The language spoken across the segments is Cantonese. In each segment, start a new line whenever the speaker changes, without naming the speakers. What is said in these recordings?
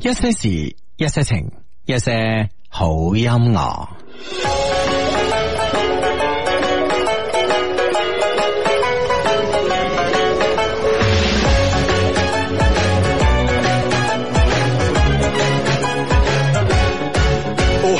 一些事，一些情，一些好音樂。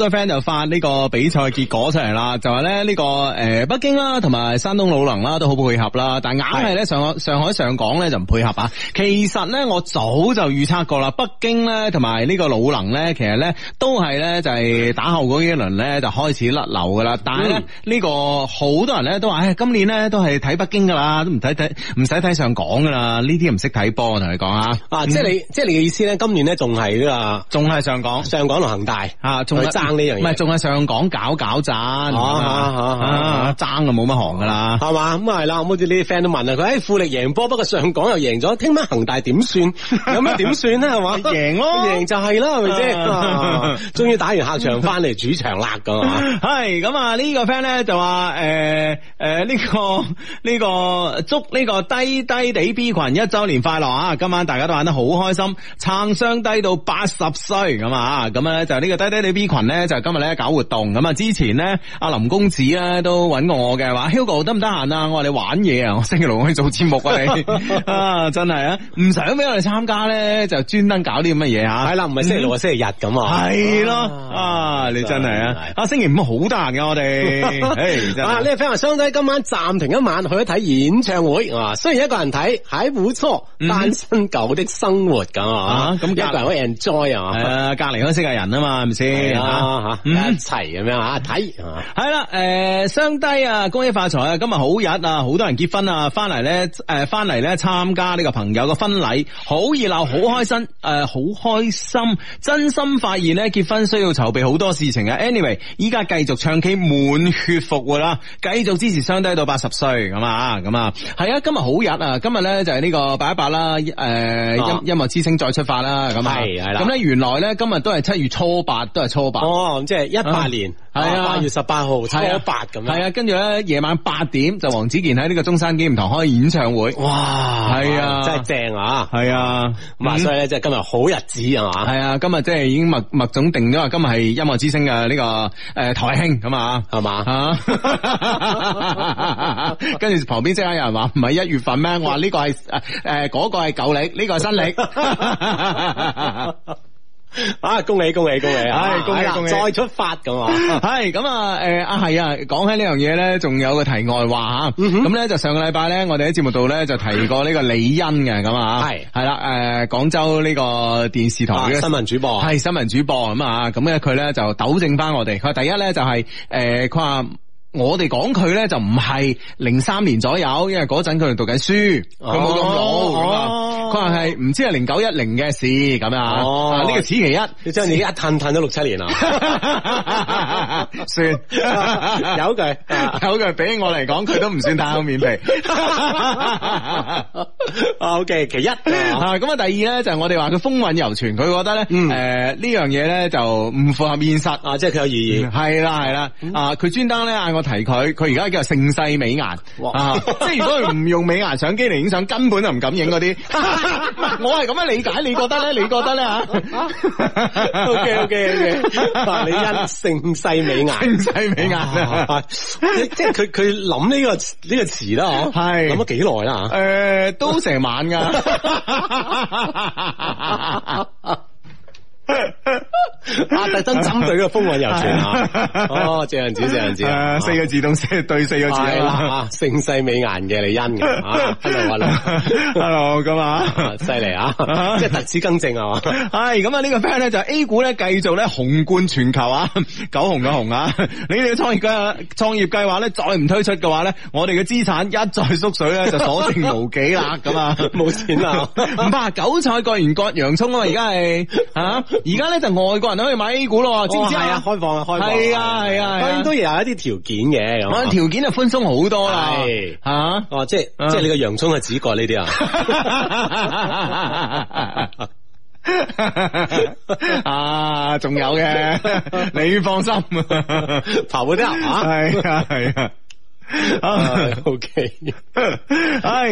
好多 friend 就發呢個比賽結果出嚟啦，就話咧呢個誒北京啦，同埋山東魯能啦都好配合啦，但係硬係咧上上海上港咧就唔配合啊。其實咧我早就預測過啦，北京咧同埋呢個魯能咧，其實咧都係咧就係打後嗰一輪咧就開始甩流噶啦。但係咧呢個好多人咧都話，唉今年咧都係睇北京噶啦，都唔睇睇唔使睇上港噶啦。呢啲唔識睇波，我同你講啊。啊即係你即係你嘅意思咧，今年咧仲係呢個仲係上港，上港同恒大啊仲唔係仲喺上港搞搞陣，爭、啊啊啊啊、就冇乜行噶啦，係嘛咁係啦。好似啲 friend 都問啊，佢誒富力贏波，不過上港又贏咗，聽晚恒大點算咁啊？點 算咧？係 嘛就說 贏咯，贏就係啦，係咪先？終於打完客場翻嚟主場啦，咁 嘛。係咁啊。呢、呃呃呢個 friend 咧就話誒誒呢個呢、呢個祝呢個低低地 B 群一周年快樂啊！今晚大家都玩得好開心，撐雙低到八十歲咁啊！咁啊，就、呢、呢個低低地 B 群咧。咧就是、今日咧搞活動咁啊！之前咧阿林公子咧都揾我嘅話，Hugo 得唔得閒啊？我話你玩嘢啊，我星期六可以做節目啊！你 啊，真係啊，唔想俾我哋參加咧，就專登搞啲咁乜嘢啊？係啦，唔係星期六、嗯、日嘛啊，星期日咁啊。係咯，啊，你真係啊，啊，星期五好得閒噶，我哋。誒、 啊，啊，呢個商仔今晚暫停一晚去一睇演唱會啊，雖然一個人睇，係唔錯，單身狗的生活咁、嗯、啊，咁一個人好 enjoy 啊。係 啊，隔籬嗰識嘅人啊嘛，係咪先吓、啊，啊、一齊咁樣睇，係、嗯、啦，誒、啊，雙、啊呃、低啊，恭喜發財啊！今日好日啊，好多人結婚啊，翻嚟咧，誒、呃，翻嚟咧參加呢個朋友嘅婚禮，好熱鬧，好開心，誒、呃，好開心，真心發現咧結婚需要籌備好多事情啊。Anyway，依家繼續唱 K 滿血復活啦，繼續支持雙低到八十歲咁啊，咁啊，係啊，今日好日啊，今日咧就係呢個八一八啦，誒，音音樂之聲再出發啦，咁啊，係啦，咁咧、嗯、原來咧今日都係七月初八，都係初八。啊哦、即係一八年，係、嗯、啊，月啊八月十八號，係一八咁樣，係啊，跟住咧夜晚八點就黃子健喺呢個中山紀念堂開演唱會，哇，係啊，真係正啊，係啊，咁、嗯、啊，所以咧即係今日好日子啊嘛，係啊，今日即係已經麥麥總定咗，今日係音樂之星嘅呢個誒、呃、台慶咁啊，係嘛，跟、啊、住 旁邊即刻有人話唔係一月份咩？我話呢個係誒誒，嗰、 呃那個係舊曆，呢、這個係新曆。 啊！恭喜恭喜、啊哎、恭喜啊！係恭喜再出發咁啊！係咁啊！誒，啊係啊！講起呢樣嘢咧，仲有一個題外話吓，咁、嗯、咧就上個禮拜咧，我哋喺節目度咧就提過呢個李欣嘅咁啊！係係啦，誒，廣州呢個電視台嘅、啊、新聞主播，係新聞主播咁啊！咁咧佢咧就糾正翻我哋，佢第一咧就係、是、誒，佢話我哋講佢咧就唔係零三年左右，因為嗰陣佢讀緊書，佢冇咁老、啊佢話係唔知係零九一零嘅事咁啊！哦、呢、啊這個此其一，即係你一褪褪咗六七年啦。 算了 有句， 有句，比我嚟講，佢都唔算太厚面皮。 哦、o、okay, k 其一咁啊，第二咧就係、是、我哋話佢風韻猶存，佢覺得咧，誒、嗯呃、呢樣嘢，咧就唔符合現實啊，即係佢有異議。係啦係啦，啊，佢專登咧嗌，我提佢，佢而家叫盛世美顏、啊、即係如果佢唔用美顏相機嚟影相， 根本就唔敢影嗰啲。 我係咁樣理解，你覺得咧？你覺得咧吓？O K O K O K 李欣盛世美顏，盛世美顏、啊 啊，即係佢佢諗呢個呢個詞啦嗬，諗咗幾耐啦誒，都成晚噶。
阿特登針對呢個
風聞流傳啊，哦，鄭人子，鄭人子，四個字同聲對四個字，係啦，盛世美顏嘅李欣啊，hello，hello，hello 咁啊，犀利啊,啊,啊,啊,啊,啊,啊,啊,啊,啊，即係特此更正啊嘛，係 咁啊，呢、呢個 friend 咧就係 A 股咧繼續咧紅冠全球啊，九紅嘅紅啊，你哋嘅創業計創業計劃咧再唔推出嘅話咧，我哋嘅資產一再縮水咧就所剩無幾啦，咁啊冇 錢啦了，唔 怕，韭菜割完割洋葱啊嘛，而家係啊。而家咧就外國人都可以買 A 股咯，知唔知？係、哦、啊，開放，開放，係啊，係啊，啊，啊，當然都有一啲條件嘅，咁啊，條件就寬鬆好多啦，係哦，即係即係你個洋蔥嘅紫角呢啲啊，啊，仲、啊啊 啊、有嘅， 你放心，爬嗰啲啊，係啊，係啊。O K，唉，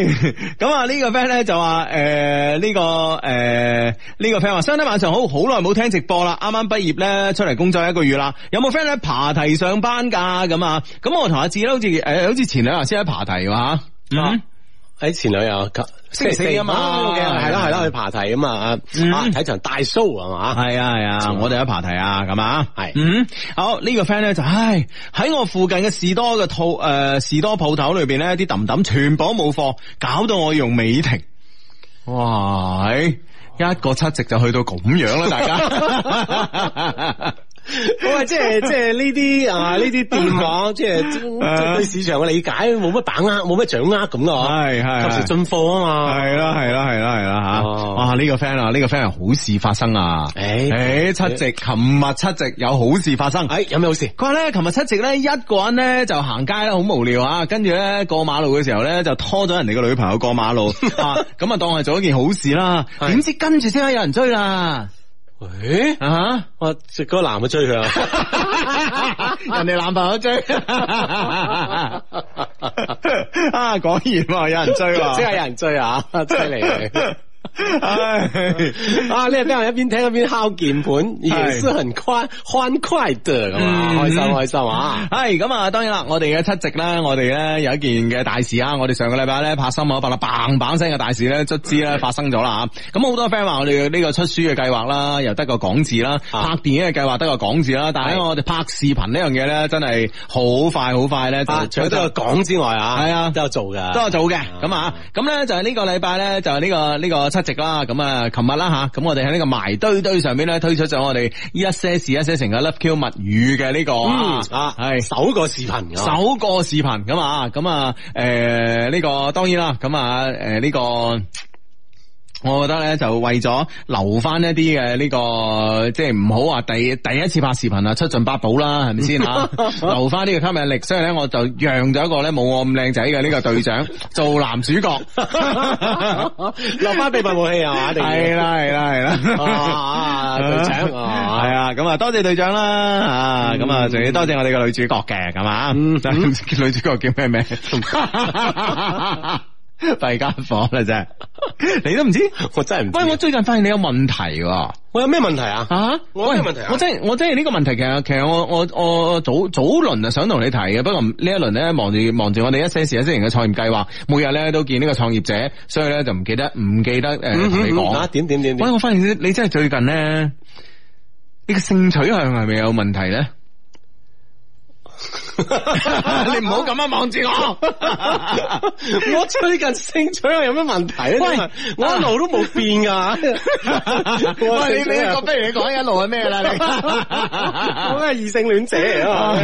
咁啊呢個 friend 咧就話，誒、呃、呢、這個誒呢、呃這個 friend 話 Sunday 晚上好好耐冇聽直播啦，啱啱畢業咧出嚟工作一個月啦，有冇 friend 喺爬梯上班噶咁啊？咁我同阿志好似誒，好似、欸、前兩日先喺爬梯嘛，嗯、mm -hmm。喺前女友，星期四啊嘛，係啦係啦去爬梯咁啊，睇場大 show 係嘛？係啊係啊，我哋去爬梯啊咁啊，係、嗯。好、這個、呢個 friend 咧就唉喺我附近嘅士多嘅套誒士多鋪頭裏邊咧啲抌抌全部都冇貨，搞到我用美婷。哇！一個七夕就去到咁樣啦， 大家。 喂即係即係呢啲啊呢啲店啊，電話 即係對市場嘅理解，冇乜把握，冇 乜掌握咁咯，吓，係係及時進貨啊嘛，係啦係啦係啦係啦吓，呢、oh. 啊這個 friend 啊呢個 friend 係好事發生啊，誒、hey, 誒，七夕，琴、hey. 日七夕有好事發生，誒、hey, 有咩好事？佢話咧琴日七夕咧一個人咧就行街啦，好無聊啊。跟住咧過馬路嘅時候咧就拖咗人哋個女朋友過馬路，咁 啊就當係做一件好事啦，點 知跟住先有人追啦。喂、欸，啊，我直嗰個男嘅追佢啊， 人哋男朋友追啊， 啊果然有人追，即係有人追啊，犀利，啊。 哎、啊！呢個邊人一邊聽一邊敲鍵盤，也是很快歡快的，嗯、開心開心啊！唉、哎，咁、嗯、啊，當然啦，我哋嘅七夕啦，我哋咧有一件嘅大事啊！我哋上個禮拜咧，拍心口拍啦，砰砰聲嘅大事咧，卒之咧發生咗啦，咁好多 friend 話我哋呢個出書嘅計劃啦，又得個講字啦、啊，拍電影嘅計劃得個講字啦，但係我哋拍視頻呢樣嘢咧，真係好快好快咧、啊，除咗得個講、啊、之外啊，係啊，都有做噶、啊，都有做嘅，咁啊，咁咧就係呢個禮拜咧，就呢個禮拜呢個呢、呢個，呢個七夕啦，咁啊，琴日啦吓，咁我哋喺呢個埋堆堆上邊咧推出咗我哋一些事一些情嘅 Love Q 物語嘅呢、這個、嗯、啊，係首個視頻，首個視頻咁啊，咁啊，誒，呢、呃這個當然啦，咁啊，誒、呃，呢、這個。我覺得咧就為咗留翻一啲嘅呢個即係唔好話第第一次拍視頻啊，出盡八寶啦係咪先啊？ 留翻呢個吸引力，所以咧我就讓咗一個咧冇我咁靚仔嘅呢個隊長 做男主角， 留翻秘密武器係嘛？係啦係啦係啦，對，隊長係啊，咁 啊 多謝隊長啦啊，咁啊仲要多謝我哋個女主角嘅咁啊，嗯嗯、女主角叫咩名？ 第二間房啦，真係，你都唔知，我真唔。喂，我最近發現你有問題。我有咩問題啊？吓，我有咩問題啊？我真係，我真係呢個問題其實，其實我我我，我早早輪啊想同你提嘅，不過一輪，呢一輪咧忙住忙住我哋一些事一些情嘅創業計劃，每日咧都見呢個創業者，所以咧就唔記得唔記得誒同你講。嗯嗯嗯、點點點，喂，我發現你真係最近咧，你個性取向係咪有問題咧？ 你唔好咁樣望住我，啊，我，啊啊、 最近性取向有咩問題啊？喂，啊，我一路都冇變噶。喂，啊，你你覺得不如你講一路係咩啦？你我係異性戀者啊！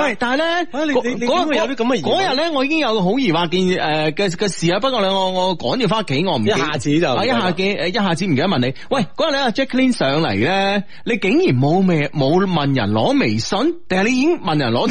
喂，但係咧，嗰日有啲咁嘅，嗰日咧我已經有個好疑惑見誒嘅嘅事啊。不過咧，我我趕住翻屋企，我唔一下子就，一下子一下子唔記得問你。喂，嗰日你阿、啊、Jacklin 上嚟咧，你竟然冇咩冇問人攞微信，定係你已經問人攞。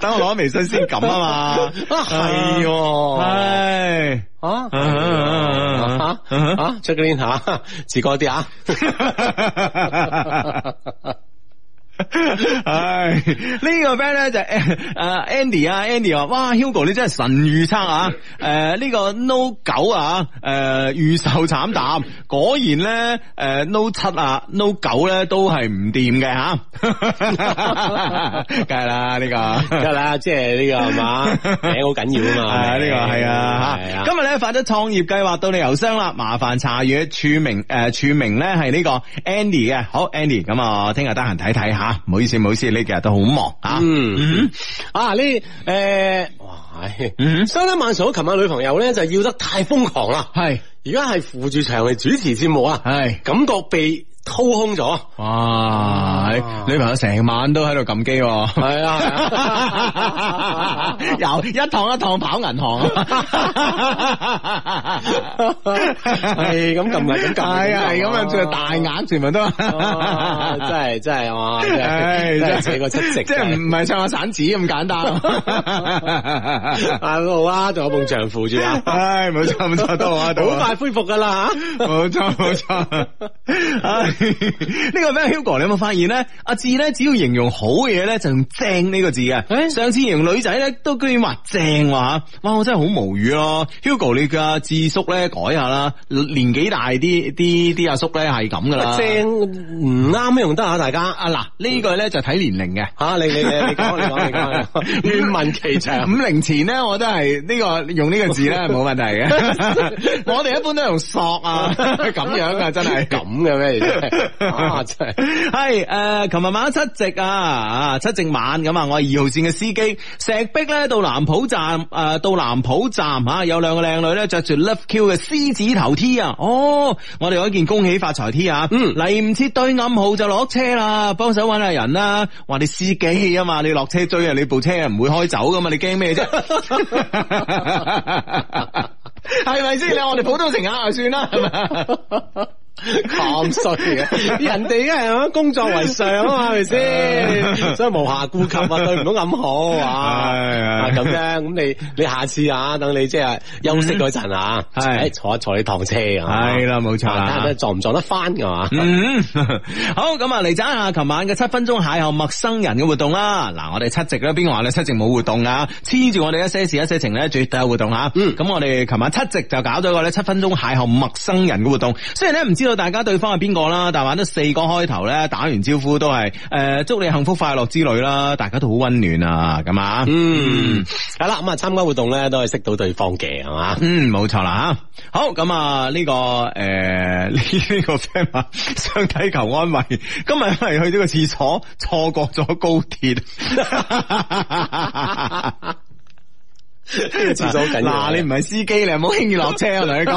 等 我攞微信先咁 啊嘛、啊啊啊啊啊，啊係，係啊，吓吓，出邊吓，自覺啲啊。唉、 哎、呢、這個 friend 咧就誒，Andy 啊，Andy 話：哇，Hugo 你真係神預測 啊！誒，呢個 No 九啊，誒、呃，預售慘淡，果然咧，誒、呃、No 七啊，No 九咧都係唔掂嘅吓。梗係啦，呢、 這個梗係啦， 即係呢、這個係嘛好緊要啊嘛，呢、 這個係啊，係 啊。今日咧發咗創業計劃到你郵箱啦，麻煩查閱署名，誒，署名咧係呢個 Andy 嘅，好 Andy，咁我聽日得閒睇睇下。啊，唔好意思，唔好意思，呢幾日都好忙、嗯、啊！嗯，啊，呢誒、呃，哇，嗯，相當晚！琴晚女朋友咧就要得太瘋狂啦，係，而家係扶住場嚟主持節目啊，係，感覺被。掏空咗，哇！女朋友成晚都喺度撳機，係啊，又、嗯、一趟一趟跑銀行、啊哎，係咁撳啊，咁、哎、撳，係啊，係咁啊，仲大眼，全部都、啊哎，真係真係啊，唉，真係個七夕、哎，即係唔唔係唱下散紙咁簡單啊、哎，啊好啊，仲有捧長扶住啊，唉，冇錯冇錯，多好快恢復噶啦，冇錯冇錯，唉。呢 個咩 Hugo？你有冇發現咧？阿智咧，只要形容好嘢咧，就用正呢、這個字嘅、欸。上次形容女仔咧，都居然話正話哇！我真係好無語咯。Hugo，你嘅智叔咧，改下啦，年紀大啲啲啲阿叔咧係咁噶啦。正唔啱用得下大家啊嗱，呢個咧就睇年齡嘅吓、嗯。你你你你講你講你講。願聞其詳。五零前咧，我都係呢、這個用呢個字咧，冇問題嘅。 我哋一般都用索啊，咁樣啊，真係咁嘅咩？真係誒，琴日晚七夕啊，啊、uh, 七夕、uh, 晚咁啊，我係二號線嘅司機，石壁咧到南浦站，誒、uh, 到南浦站啊，uh, 有兩個靚女咧着住 Love Q 嘅獅子頭 T 啊，哦，我哋有一件恭喜發財 T 啊，嗯，嚟唔切對暗號就落車啦，幫手揾下人啦、啊，話你司機啊嘛，你落車追你部車唔會開走噶嘛，你驚咩啫？係咪先？你我哋普通乘客就算啦，係咪？咁衰嘅， 人哋梗係工作為上啊嘛，係咪先？所以無暇顧及啊，佢 唔好咁好啊，咁 樣咁你你下次啊，等你即係休息嗰陣啊，誒、嗯、坐，坐一坐呢趟車啊。係啦，冇錯，睇下撞唔撞得翻嘅嘛。嗯、 好咁啊嚟睇下琴晚嘅七分鐘邂逅陌生人嘅活動啦。嗱，我哋七夕咧邊個話咧七夕冇活動啊？黐住我哋一些事一些情咧，絕對有活動啊。咁、嗯、我哋琴晚七夕就搞咗一個咧七分鐘邂逅陌生人嘅活動。雖然咧唔知。知道大家對方係邊個啦，但玩得四個開頭咧，打完招呼都係誒，祝你幸福快樂之類啦，大家都好温暖啊，咁啊，嗯，係、嗯、啦，咁啊，參加活動咧都係識到對方嘅係嘛，嗯，冇錯啦，好，咁啊，呢、呢個誒呢呢個 friend 啊，想睇求安慰，今日係去咗個廁所錯過咗高鐵。 廁所緊要嗱、啊啊，你唔係司機你又唔好輕易落車啊！同 你講，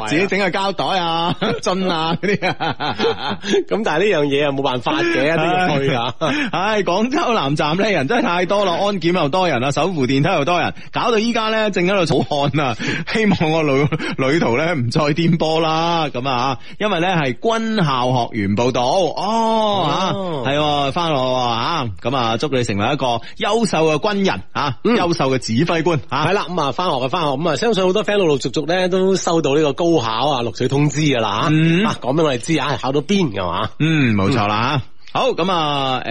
啊、自己整個膠袋啊、樽啊嗰啲。咁、啊、 但係呢樣嘢又冇辦法嘅，都要去吓。唉，廣州南站咧人真係太多咯，安檢又多人啊，手扶電梯又多人，搞到依家咧正喺度儲汗啊！希望我旅旅途咧唔再顛簸啦。咁啊，因為咧係軍校學員報道哦，係、哦、翻、啊啊、落啊！咁啊，啊，祝你成為一個優秀嘅軍人啊，優秀嘅指揮。嗯係、啊、啦，咁啊翻學嘅翻學，咁啊相信好多 friend 陸陸續續咧都收到呢個高考啊錄取通知噶啦吓，講俾我哋知啊，係考到邊噶嘛？嗯，冇錯啦吓。好咁啊！誒，呢、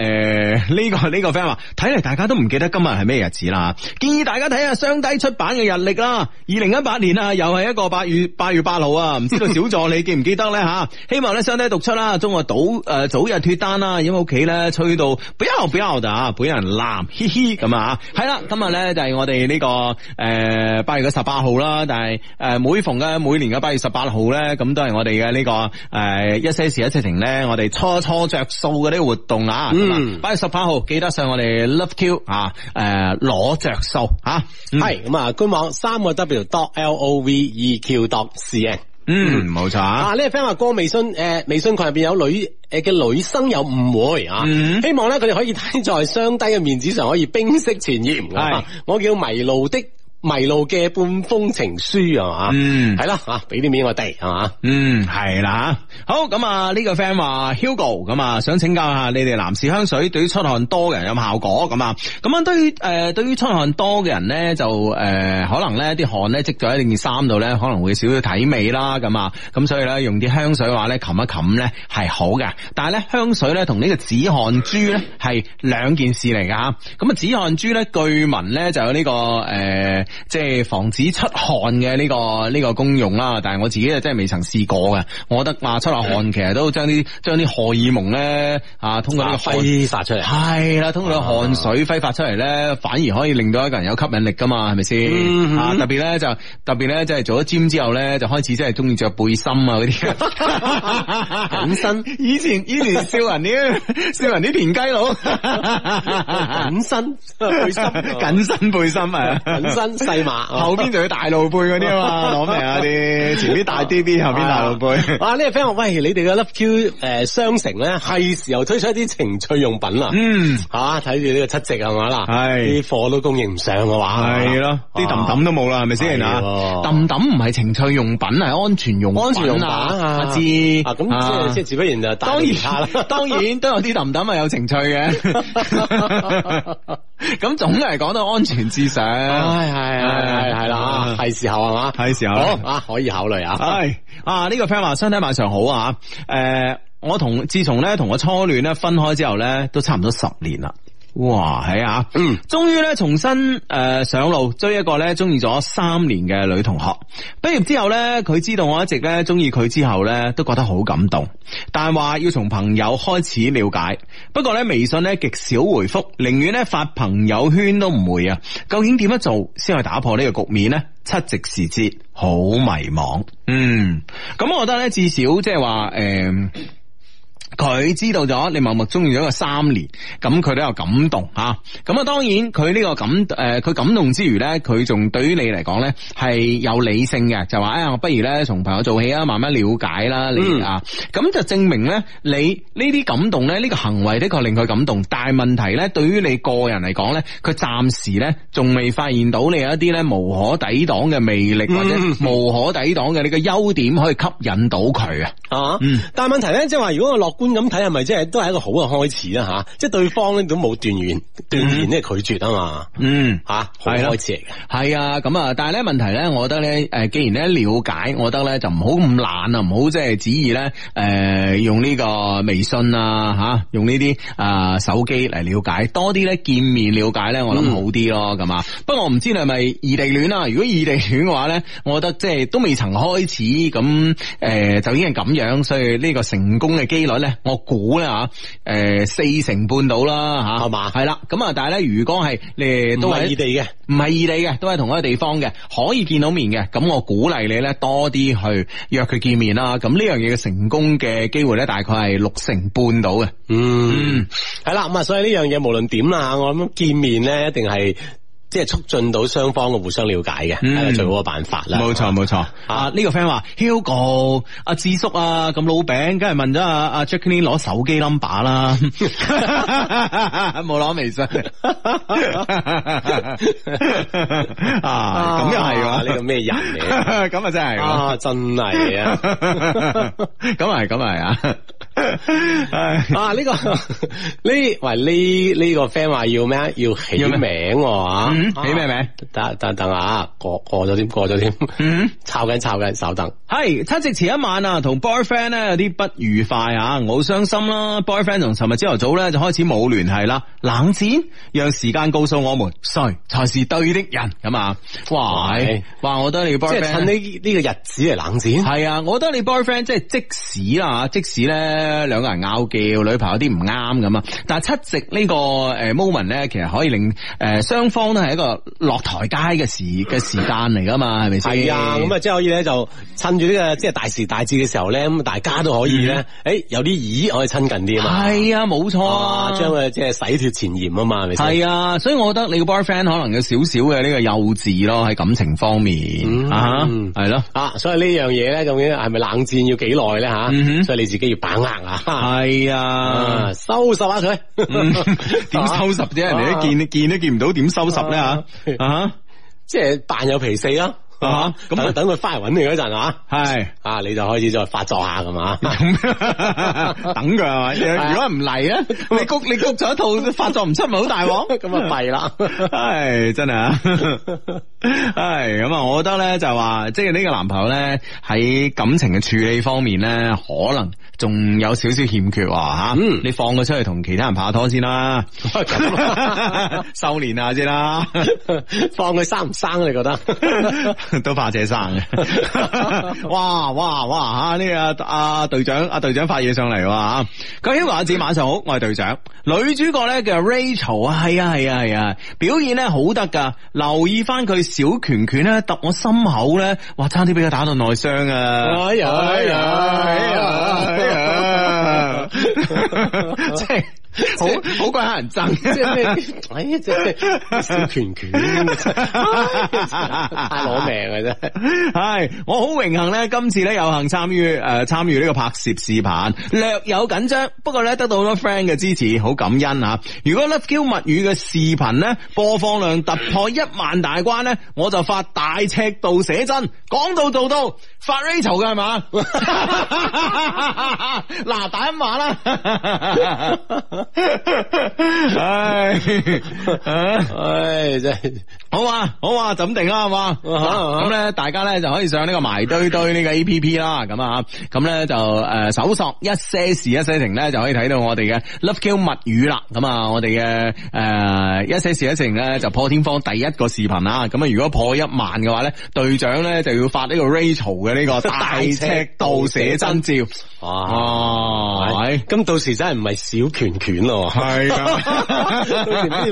呃這個呢、這個 friend 話，睇嚟大家都唔記得今日係咩日子啦。建議大家睇下雙低出版嘅日曆啦。二零一八年啊，又係一個八月八月八號啊，唔知道小助你記唔記得咧吓？ 希望咧雙低讀出啦，中啊早誒早日脫單啦，因為屋企咧吹到比較比較啊，本人男，嘻嘻咁啊。係啦，今、這個呃、日咧就係我哋呢個誒八月嘅十八號啦。但係誒每逢嘅每年嘅八月十八號咧，咁都係我哋嘅呢個誒、呃、一些事一些情咧，我哋初初着數嘅。呢、這、啲、個、活動啊，八月十八號記得上我哋 Love Q、嗯、啊，誒攞着數吓，係咁啊，官網三個 W dot L O V E Q dot C N，嗯，冇錯啊。呢個 friend 話個微信誒、呃，微信群入邊有女誒嘅女生有誤會啊、嗯，希望咧佢哋可以睇在雙低嘅面子上可以冰釋前嫌。係、啊，我叫迷路的。迷路嘅半封情書啊嘛，嗯，係啦，俾啲面我哋啊嘛，嗯，係啦，好。咁啊，呢個 friend 話 Hugo，咁啊，想請教下你哋男士香水對於出汗多嘅人有效果。咁啊，咁啊，對於誒、呃，對於出汗多嘅人咧，就誒、呃，可能咧啲汗咧積咗喺一件衫度咧，可能會少少體味啦，咁啊，咁所以咧，用啲香水話咧，冚一冚咧係好嘅，但係咧，香水咧同呢個止汗珠咧係兩件事嚟噶吓，咁啊，止汗珠咧據聞咧就有呢、這個誒。呃即、就、係、是、防止出汗嘅呢、這個呢、這個功用啦，但係我自己啊真係未曾試過嘅。我覺得話出下汗，其實都將啲將啲荷爾蒙咧啊，通過個汗揮發出嚟。係啦，通過汗水揮發出嚟咧、啊，反而可以令到一個人有吸引力噶嘛，係咪先？啊，特別咧就特別咧，即、就、係、是、做咗 gym 之後咧，就開始即係中意着背心啊嗰啲緊身。以前以前笑人啲笑 人啲田雞佬緊 身背心，緊身背心啊，緊 身。細碼後邊就有大露背嗰啲啊嘛，攞咩啊啲前啲大 D B 後邊大露背。哇 對、啊 啊呃、呢個 friend 喂你哋嘅 Love Q 誒商城咧係時候推出一啲情趣用品啦。嗯吓睇住呢個七夕係嘛啦，係啲貨都供應唔上嘅話係咯，啲氹氹都冇啦係咪先啊？氹氹唔係情趣用品係安，安全用品啊阿志啊咁即係即係自不然就當然吓、啊，當然都有啲氹氹係有情趣嘅。 咁總係講到安全至上，係係係係啦，係時候係嘛，係時候，啊可以考慮、哎、啊，係啊呢個 friend 話身體賣相好啊，誒我同自從咧同我初戀咧分開之後咧，都差唔多十年啦。哇，係啊，嗯，終於咧重新誒、呃、上路追一個咧中意咗三年嘅女同學。畢業之後咧，佢知道我一直咧中意佢之後咧，都覺得好感動，但話要從朋友開始了解。不過咧微信咧極少回復，寧願咧發朋友圈都唔會。啊，究竟點樣做先可以打破呢個局面呢？七夕時節好迷茫。嗯，咁我覺得咧至少即係話誒。呃佢知道咗你默默中意咗個三年，咁佢都有感動吓，咁啊當然佢呢個感、誒佢、呃、感動之餘呢，佢仲對於你嚟講呢係有理性嘅，就話誒，我、哎、不如呢，從朋友做起啊，慢慢了解啦你、嗯、啊，咁就證明呢，你呢啲感動呢，呢、這個行為的確令佢感動，但係問題呢對對於你個人嚟講呢，佢暫時呢仲未發現到你有一啲呢無可抵擋嘅魅力、嗯、或者無可抵擋嘅你嘅優點可以吸引到佢啊，嗯、但係問題呢即係話如果我落。咁睇係咪即係都係一個好嘅開始啦吓，即係對方咧都冇斷完斷完咧拒絕啊嘛，嗯吓，好、啊、開始嚟嘅，係啊咁啊，但係咧問題咧，我覺得咧誒，既然咧了解，我覺得咧就唔好咁懶啊，唔好即係旨意咧誒用呢個微信啊吓、啊，用呢啲誒手機嚟了解，多啲咧見面了解咧，我諗好啲咯，咁、嗯、啊，不過我唔知你係咪異地戀啊？如果異地戀嘅話咧，我覺得即、就、係、是、都未曾開始，咁誒、呃、就已經係咁樣，所以呢個成功嘅機率咧。我估咧吓，誒四成半到啦吓，係嘛？係啦，咁啊，但係咧，如果係你都係異地嘅，唔係異地嘅，都係同一個地方嘅，可以見到面嘅，咁我鼓勵你咧多啲去約佢見面啦。咁呢樣嘢嘅成功嘅機會咧，大概係六成半到嘅。嗯，係啦，咁啊，所以呢樣嘢無論點啦吓，我諗見面咧一定係。即、就、係促進到雙方嘅互相了解嘅，係最好嘅辦法啦。冇錯冇錯啊！呢個 friend 話，Hugo 阿智叔啊，咁老餅，梗係問咗阿阿 Jackie 攞手機 number 啦，冇 攞 微信 啊！咁又係㗎？呢個咩人嚟？咁啊真係啊，真係啊，咁係咁係啊。 啊呢、這個呢喂呢呢、這個 friend 話要咩要起名啊？啊起咩名，名？等等等下啊，過過咗添，過咗添。抄緊抄緊，稍等。係、嗯 hey, 七夕前一晚啊，同 boyfriend 咧有啲不愉快啊，我好傷心啦、啊。 boyfriend 同尋日朝頭早咧就開始冇聯繫啦，冷戰，讓時間告訴我們，誰才是對的人咁啊哇？哇，哇！我覺得你 boyfriend 呢即係趁呢呢、這個日子嚟冷戰。係啊，我覺得你 boyfriend 即係即使啊，即使咧。咧兩個人拗撬，女朋友啲唔啱咁啊！但係七夕呢個誒 moment 咧，其實可以令誒雙方都係一個落台階嘅時嘅時間嚟噶嘛，係咪先？係啊，咁啊即係可以咧就趁住呢、這個即係、就是、大時大節嘅時候咧，咁大家都可以咧，誒、 欸、有啲咦可以親近啲啊！係啊，冇錯啊，將佢即係洗脫前嫌啊嘛，係啊，所以我覺得你個 boyfriend 可能有少少嘅呢個幼稚咯，喺感情方面、嗯、啊，係、嗯、咯啊，所以呢樣嘢咧究竟係咪冷戰要幾耐咧吓？所以你自己要把握。係啊，啊，收拾下佢，點、嗯、收拾啫？人哋都見、啊、見都見唔到，點收拾咧？吓、啊啊啊、即係扮有皮四咯，咁、啊啊、等等佢翻嚟搵你嗰陣，吓係啊，你就開始再發作下㗎嘛、啊啊啊啊？等佢係、啊啊啊啊啊、如果唔嚟啊，你焗你焗咗一套發作唔出，咪好大鑊？咁啊，弊啦，係、哎、真係，係咁啊！啊哎、我覺得咧就話、是，即係呢個男朋友咧喺感情嘅處理方面咧，可能。仲有少少欠缺啊！吓、嗯，你放佢出去同其他人拍拖先啦、啊，咁， 修煉下先啦、啊， 放佢生唔生？你覺得 都怕借生嘅，哇哇哇吓！呢個阿隊長，阿、啊、隊長發嘢上嚟哇！咁軒阿子晚上好，我係隊長，女主角咧叫 Rachel 啊，係啊係啊係啊，啊，表演咧好得噶，留意翻佢小拳拳咧揼我心口咧，哇，差啲俾佢打到內傷啊！哎呀！哎呀！啊，這。就是、好，好鬼乞人憎、就是，嘅啫咩？哎 呀，即係小拳拳， 太攞命啦！啫。係，我好榮幸咧，今次咧有幸參與誒參與呢個拍攝視頻，略有緊張，不過咧得到好多 friend 嘅支持，好感恩吓、啊。如果 love q 蜜語嘅視頻咧播放量突破一萬大關咧，我就發大尺度寫真，講到做到，發 ratio 嘅係嘛？嗱， 大話啦！啊 唉唉真係好啊好啊，就咁定啦，好嘛咁咧，大家咧就可以上呢、呢個埋堆堆呢、呢個 A P P 啦，咁 啊咁咧就誒搜、啊、索一些事一些情咧，就可以睇到我哋嘅 Love Kill 物語啦，咁啊我哋嘅誒一些事一些情咧就破天荒第一個視頻啦，咁啊如果破一萬嘅話咧，隊長咧就要發呢個 Rachel 嘅呢個大尺度寫真照哦，咁、啊啊、到時真係唔係小拳拳。遠 咯是的笑打，係，到時點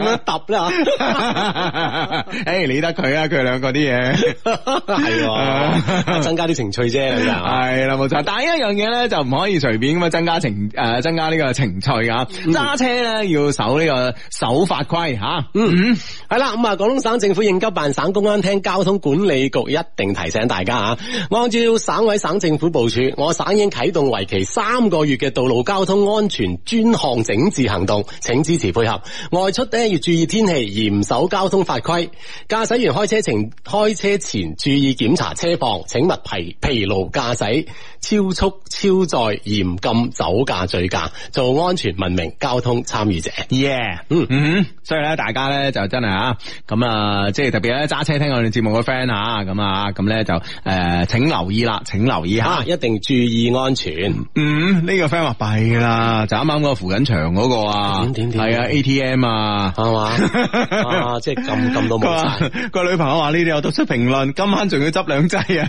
樣揼啦？誒，理得佢啊，佢兩個啲嘢 是的，係增加啲情趣啫，係啦冇錯。但係一樣嘢咧，就唔可以隨便咁樣增加情誒，增加呢個情趣啊。揸、嗯、車咧要守呢個守法規吓、啊。嗯嗯，係啦咁啊，廣東省政府應急辦、省公安廳、交通管理局一定提醒大家啊，按照省委省政府部署，我省已經啟動為期三個月嘅道路交通安全專項整。自行動，請支持配合。外出呢要注意天氣，嚴守交通法規。駕駛員開車前開車前注意檢查車況，請勿疲疲勞駕駛。超速、超載、嚴禁酒駕、醉駕，做安全文明交通參與者。耶、yeah, 嗯！嗯嗯，所以咧，大家咧就真係啊，咁啊，即係特別咧揸車聽我哋節目嘅 friend 啊，咁啊，咁咧就誒請留意啦，請留意嚇、啊，一定注意安全。嗯，呢、這個 friend 話弊啦，就啱啱個扶近場嗰、那個、嗯嗯嗯、啊，點點點，係啊，ATM 啊，係 嘛、 啊，啊，即係咁咁都冇。個女朋友話：呢啲我讀出評論，今晚仲要執兩劑啊！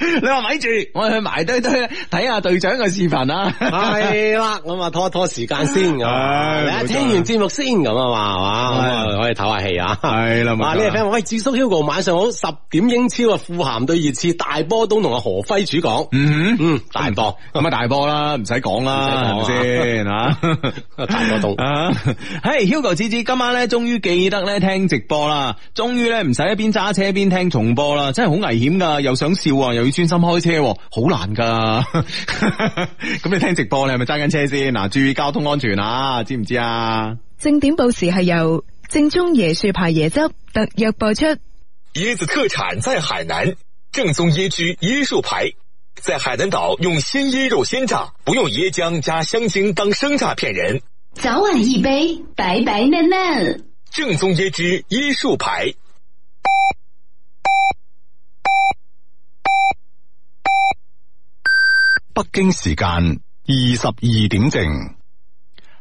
你話咪住，我去埋堆堆睇下隊長嘅視頻啊。係 啦，咁啊拖一拖時間先、啊，係。聽完節目先咁啊嘛，係嘛、嗯，可以唞下氣啊。係啦。嘛，呢位 friend 喂，智叔 Hugo，晚上好，十點英超啊，富咸對熱刺，大波東同阿何輝主講。嗯哼嗯，大波，咁、嗯、晚大波啦，唔使講啦，先吓。是是 大波東到啊，嘿、 hey,，Hugo 之之，今晚咧終於記得咧聽直播啦，終於咧唔使一邊揸車一邊聽重播啦，真係好危險噶，又想笑又。專心開車，好難噶。咁你聽直播，你係咪揸緊車先？嗱，注意交通安全啊，知唔知啊？
正點報時係由正宗椰樹牌椰汁特約播出。
椰子特產在海南，正宗椰汁椰樹牌，在海南島用鮮椰肉鮮榨，不用椰漿加香精當生榨騙人。
早晚一杯，白白嫩嫩。
正宗椰汁椰樹牌。北京時間二十二點正。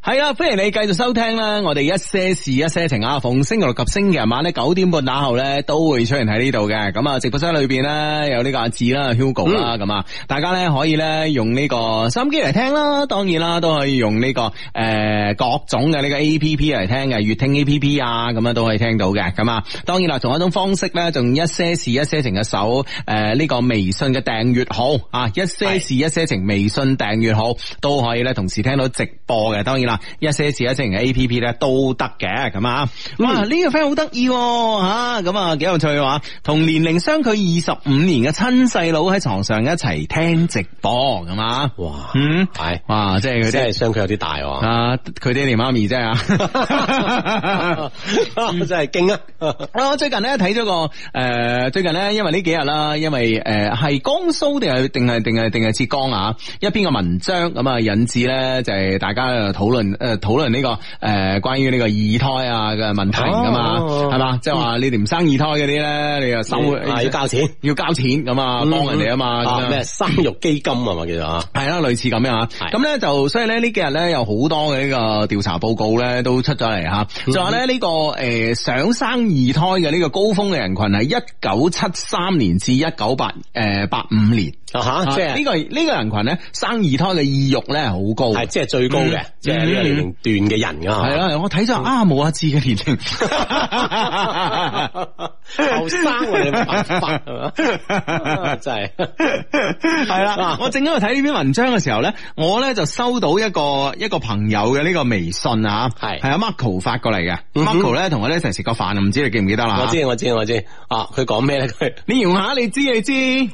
係啦，歡迎你繼續收聽啦，我哋一些事，一些，事一些情啊，逢星期六及星期日晚咧九點半打後咧都會出現喺呢度嘅。咁啊，直播室裏邊咧有呢個阿志啦、Hugo 啦，咁啊，大家咧可以咧用呢個收音機嚟聽啦，當然啦，都可以用呢、這個誒、呃、各種嘅呢個 A P P 嚟聽嘅，悅聽 A P P 啊，咁樣都可以聽到嘅。咁啊，當然啦，仲有一種方式咧，仲一些事一些情嘅手，誒、呃，呢、這個微信嘅訂閱號啊，一些事一些情微信訂閱號都可以咧同時聽到直播嘅。當然啦。一些事一些情嘅 A P P 咧都得嘅咁啊！哇，呢、嗯這個 friend 好得意吓，咁啊幾有趣啊！同年齡相距二十五年嘅親細佬喺床上一齊聽直播，咁啊。哇，嗯係哇，即係佢啲相距有啲大喎、啊啊。啊，佢爹哋媽咪啫啊！真係勁啊！我最近咧睇咗個誒，最近咧因為呢幾日啦，因為誒係江蘇定係定係定係定係浙江啊，一篇嘅文章咁啊引致咧就係大家討論。誒，討論呢、這個誒、呃，關於呢個二胎啊嘅問題噶嘛，係、哦、嘛、嗯，即係話你哋唔生二胎嗰啲咧，你又收、嗯、要，要交錢，要交錢咁啊、嗯，幫人哋、嗯、啊嘛，咩生育基金啊嘛，叫做，係啦，類似咁樣，咁咧就所以咧呢幾日咧有好多嘅呢個調查報告咧都出咗嚟吓，就話咧呢個誒、呃、想生二胎嘅呢個高峰嘅人群係一九七三年至一九八誒八五年。啊即係呢個呢、這個人群咧，生二胎嘅意欲咧好高係，係即係最高嘅，即、嗯、係、就是、年齡段嘅人噶係啦，我睇咗啊，冇阿志嘅年齡代，後生啊，你白髮係嘛，真係係啦。我正喺度睇呢篇文章嘅時候咧，我咧就收到一個一個朋友嘅呢個微信啊，係係阿 Marco 發過嚟嘅、嗯、，Marco 咧同我一齊食個飯，唔知你記唔記得啦？我知我知我知，啊，佢講咩咧？佢你容下，你知你知。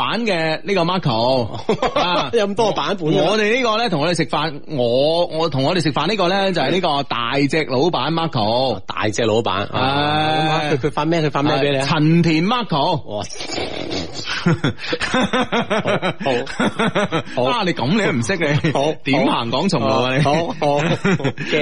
版嘅呢個 Marco， 有咁多個版本。我哋呢個咧，同我哋食飯，我我同我哋食飯呢個咧，就係呢個大隻老闆 Marco， 大隻老闆。誒、啊，佢、啊、佢、啊啊啊、發咩？佢發咩俾你？陳、啊、田 Marco， 好，哇，你咁你都唔識嘅。好點行港蟲路啊？你，好，好。阿、啊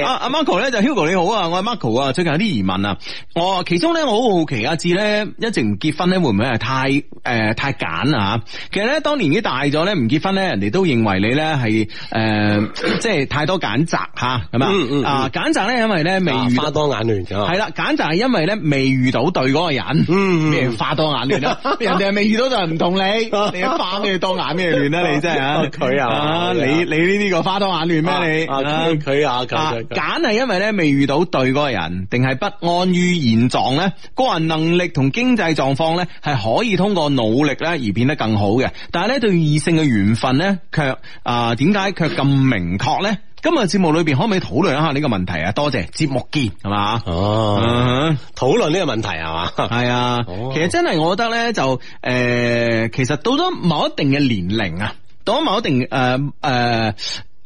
啊 啊、Marco 咧就是、Hugo 你好啊，我係 Marco 啊，最近有啲疑問啊，我、哦、其中咧我好好奇阿志咧一直唔結婚咧會唔會係太誒、呃、太揀啊？其實咧，當年紀大咗咧，唔結婚咧，人哋都認為你咧係誒，即係太多揀擇吓，咁、嗯嗯嗯、啊，揀擇咧，因為咧未遇花多眼亂，係啦，揀擇係因為咧未遇到對嗰個人，嗯嗯、花多眼亂啊？人哋係未遇到就唔同你、啊，你花咩多眼咩亂啊？你真係啊，佢啊，啊，你你呢啲個花多眼亂咩？你佢啊，揀係因為咧未遇到對嗰個人，定係不安於現狀咧？個人能力同經濟狀況咧係可以通過努力咧而變。得更好嘅，但係咧對異性嘅緣分咧，卻啊點解卻咁明確咧？今日節目裏邊可唔可以討論一下呢個問題啊？多謝節目見，係嘛，哦，討論呢個問題係嘛？係啊、哦，其實真係我覺得咧，就誒、呃，其實到咗某一定嘅年齡啊，到咗某一定誒誒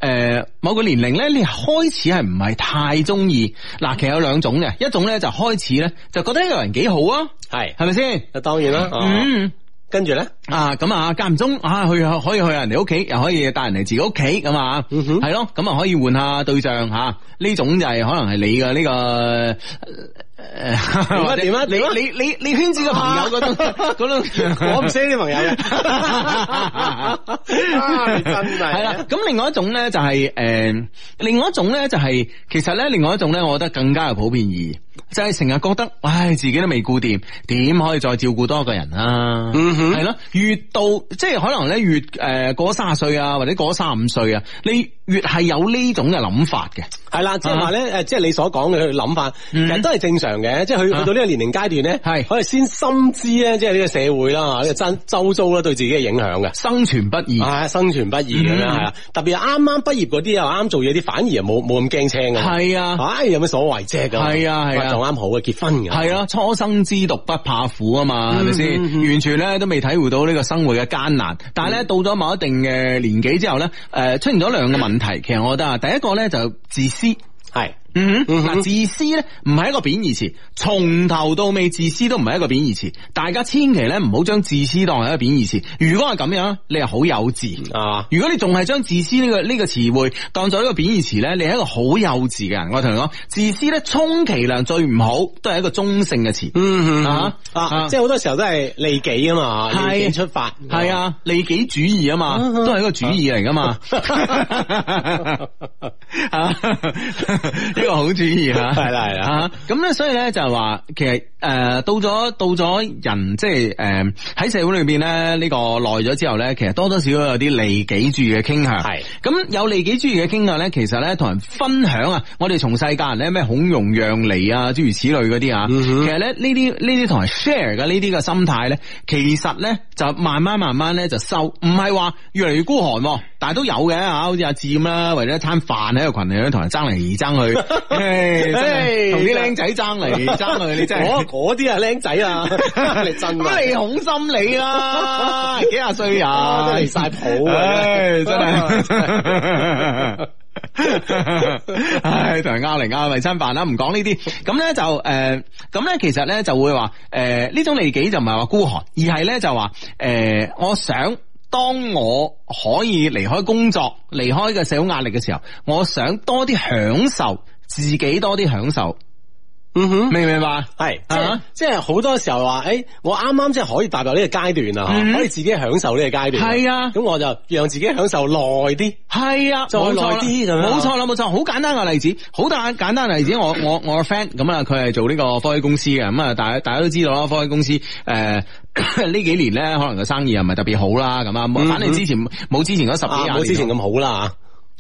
誒某個年齡咧，你開始係唔係太中意嗱？其實有兩種嘅，一種咧就開始咧就覺得呢個人幾好啊，係係咪先？當然啦，嗯。哦跟住咧啊，咁啊間唔中啊去可以去人哋屋企，又可以帶人嚟自己屋企咁啊，係、嗯、咯，咁啊可以換下對象吓，呢、啊、種就係、是、可能係你嘅呢、這個點點、呃、啊，啊，你你你，你，你，你圈子嘅朋友嗰、啊、種，嗰、那個 那個、我唔識呢啲朋友，係 啦、 啊，咁另外一種咧就係、是、誒、呃，另外一種咧就係、是、其實咧，另外一種咧，我覺得更加有普遍意義。就係成日覺得，唉，自己都未顧掂，點可以再照顧多一個人啊？嗯哼，係咯，越到即係可能咧，越、呃、誒過咗卅歲啊，或者過咗卅五歲啊，你越係有呢種嘅諗法嘅，係啦，即係話咧，誒，即係、啊、你所講嘅諗法，其實、嗯、都係正常嘅，即係去，去到呢個年齡階段咧，係、啊、可以先深知咧，即係呢個社會啦，呢個周周遭啦，對自己嘅影響嘅，生存不易，係生存不易咁樣係啊，特別啱啱畢業嗰啲又啱做嘢啲反而冇冇咁驚青嘅，係啊，唉，有咩所謂啫？係啊，係、啊。就啱好嘅結婚，嘅係咯，初生之犢不怕虎啊嘛，係咪先？完全咧都未體會到呢個生活嘅艱難，但係咧到咗某一定嘅年紀之後咧，誒、嗯、出現咗兩個問題，其實我覺得啊，第一個咧就自私，係。嗯，哼，自私咧唔係一個貶義詞，從頭到尾自私都唔係一個貶義詞。大家千祈咧唔好將自私當係一個貶義詞。如果係咁樣咧，你係好幼稚啊！如果你仲係將自私呢個呢個詞彙當作一個貶義詞咧，你係一個好幼稚嘅人。我同你講，自私咧充其量最唔好都係一個中性嘅詞。嗯、啊，啊，啊，即係好多時候都係利己啊嘛，利己出發，係啊，利己主義啊嘛，都係一個主義嚟㗎嘛。啊啊 呢、這個好主意吓，係啦係啦吓，咁咧、嗯、所以咧就係話，其實誒、呃、到咗到咗人即係誒喺社會裏邊咧呢個耐咗之後咧，其實多多少少有啲利己主義嘅傾向係。咁、嗯、有利己主義嘅傾向咧，其實咧同人分享啊，我哋從細教人咧咩孔融讓梨啊，諸如此類嗰啲啊，其實咧呢啲呢啲同人 share 嘅呢啲嘅心態咧，其實咧就慢慢慢慢咧就收，唔係話越嚟越孤寒，但係都有嘅吓，好似阿占啦，為咗一餐飯喺個群裏邊同人爭嚟爭去。 即、hey, 唉，同啲僆仔爭嚟爭去， 你真係嗰啲啊僆仔啊，哦、 你真啊是，你 恐心理啊，幾廿歲人，晒譜啊， 真係、啊，唉、hey,，同人拗嚟拗去，食餐飯啦，唔講呢啲。咁咧、啊、就誒，咁、呃、咧其實咧就會話誒，呢、呃、種利己就唔係話孤寒，而係咧就話誒、呃，我想當我可以離開工作、離開嘅社會壓力嘅時候，我想多啲享受。自己多啲享受，嗯哼，明唔明白？係，即係即係好多時候話，誒、欸，我啱啱即係可以達到呢個階段啊、嗯，可以自己享受呢個階段，係啊，咁我就讓自己享受耐啲，係啊，再耐啲咁樣，冇錯啦，冇錯，好簡單嘅例子，好簡單嘅例子，我我我個 friend 咁啊，佢係做呢個科技公司嘅，咁啊，大家大家都知道啦，科技公司誒呢、呃、 幾年咧，可能個生意又唔係特別好啦，咁、嗯、啊，反正之前冇之前嗰十幾廿，冇、啊、之前咁好啦。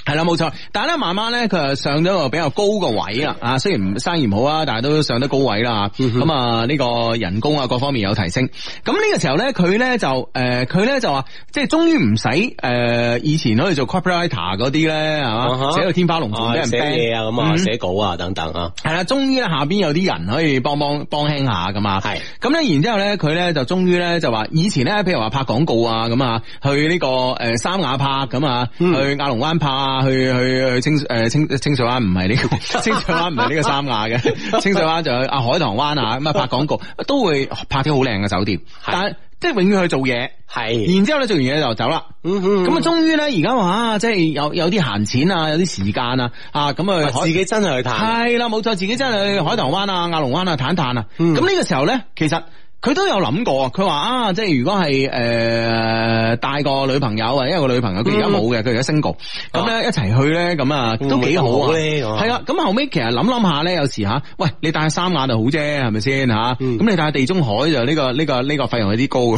係啦，冇錯。但係咧，慢慢咧，佢啊上咗個比較高個位啦。啊，雖然唔生意唔好啊，但係都上得高位啦。咁、嗯、啊，呢個人工啊，各方面有提升。咁呢個時候咧，佢、呃、咧就誒，佢咧就話，即係終於唔使誒，以前可以做 copywriter 嗰啲咧，係、啊、嘛，寫到天花龍柱俾人寫啊，咁啊，寫、嗯、稿啊等等啊。係啦，終於咧下邊有啲人可以幫幫幫輕下咁啊係。咁咧，然之後咧，佢咧就終於咧就話，以前咧，譬如話拍廣告啊咁啊，去呢個誒三亞拍咁啊，去亞龍灣拍。嗯啊！去去去清誒清、這個、清水灣唔係呢個三的清水灣，唔係呢個三亞嘅清水灣，就去啊海棠灣啊咁啊拍廣告都會拍啲好靚嘅酒店，係但即係永遠去做嘢係，然之後咧做完嘢就走啦。咁啊，終於咧而家話即係有有啲閒錢啊，有啲時間啊啊咁啊，自己真係去探係啦，冇錯，自己真係去海棠灣啊、亞龍灣啊、探探啊。咁呢、嗯、個時候咧，其實。佢都有諗過他啊！佢話啊，即係如果係誒、呃、帶個女朋友，因為個女朋友他現在沒有，佢而家冇嘅，佢而家升局，咁咧一齊去咧咁啊，都幾好啊！係、嗯、啊，咁後尾其實諗諗下咧，有時吓：「喂，你帶三亞就好啫，係咪先嚇？咁、嗯、你帶去地中海就呢、呢個呢、呢個呢、呢個費用有啲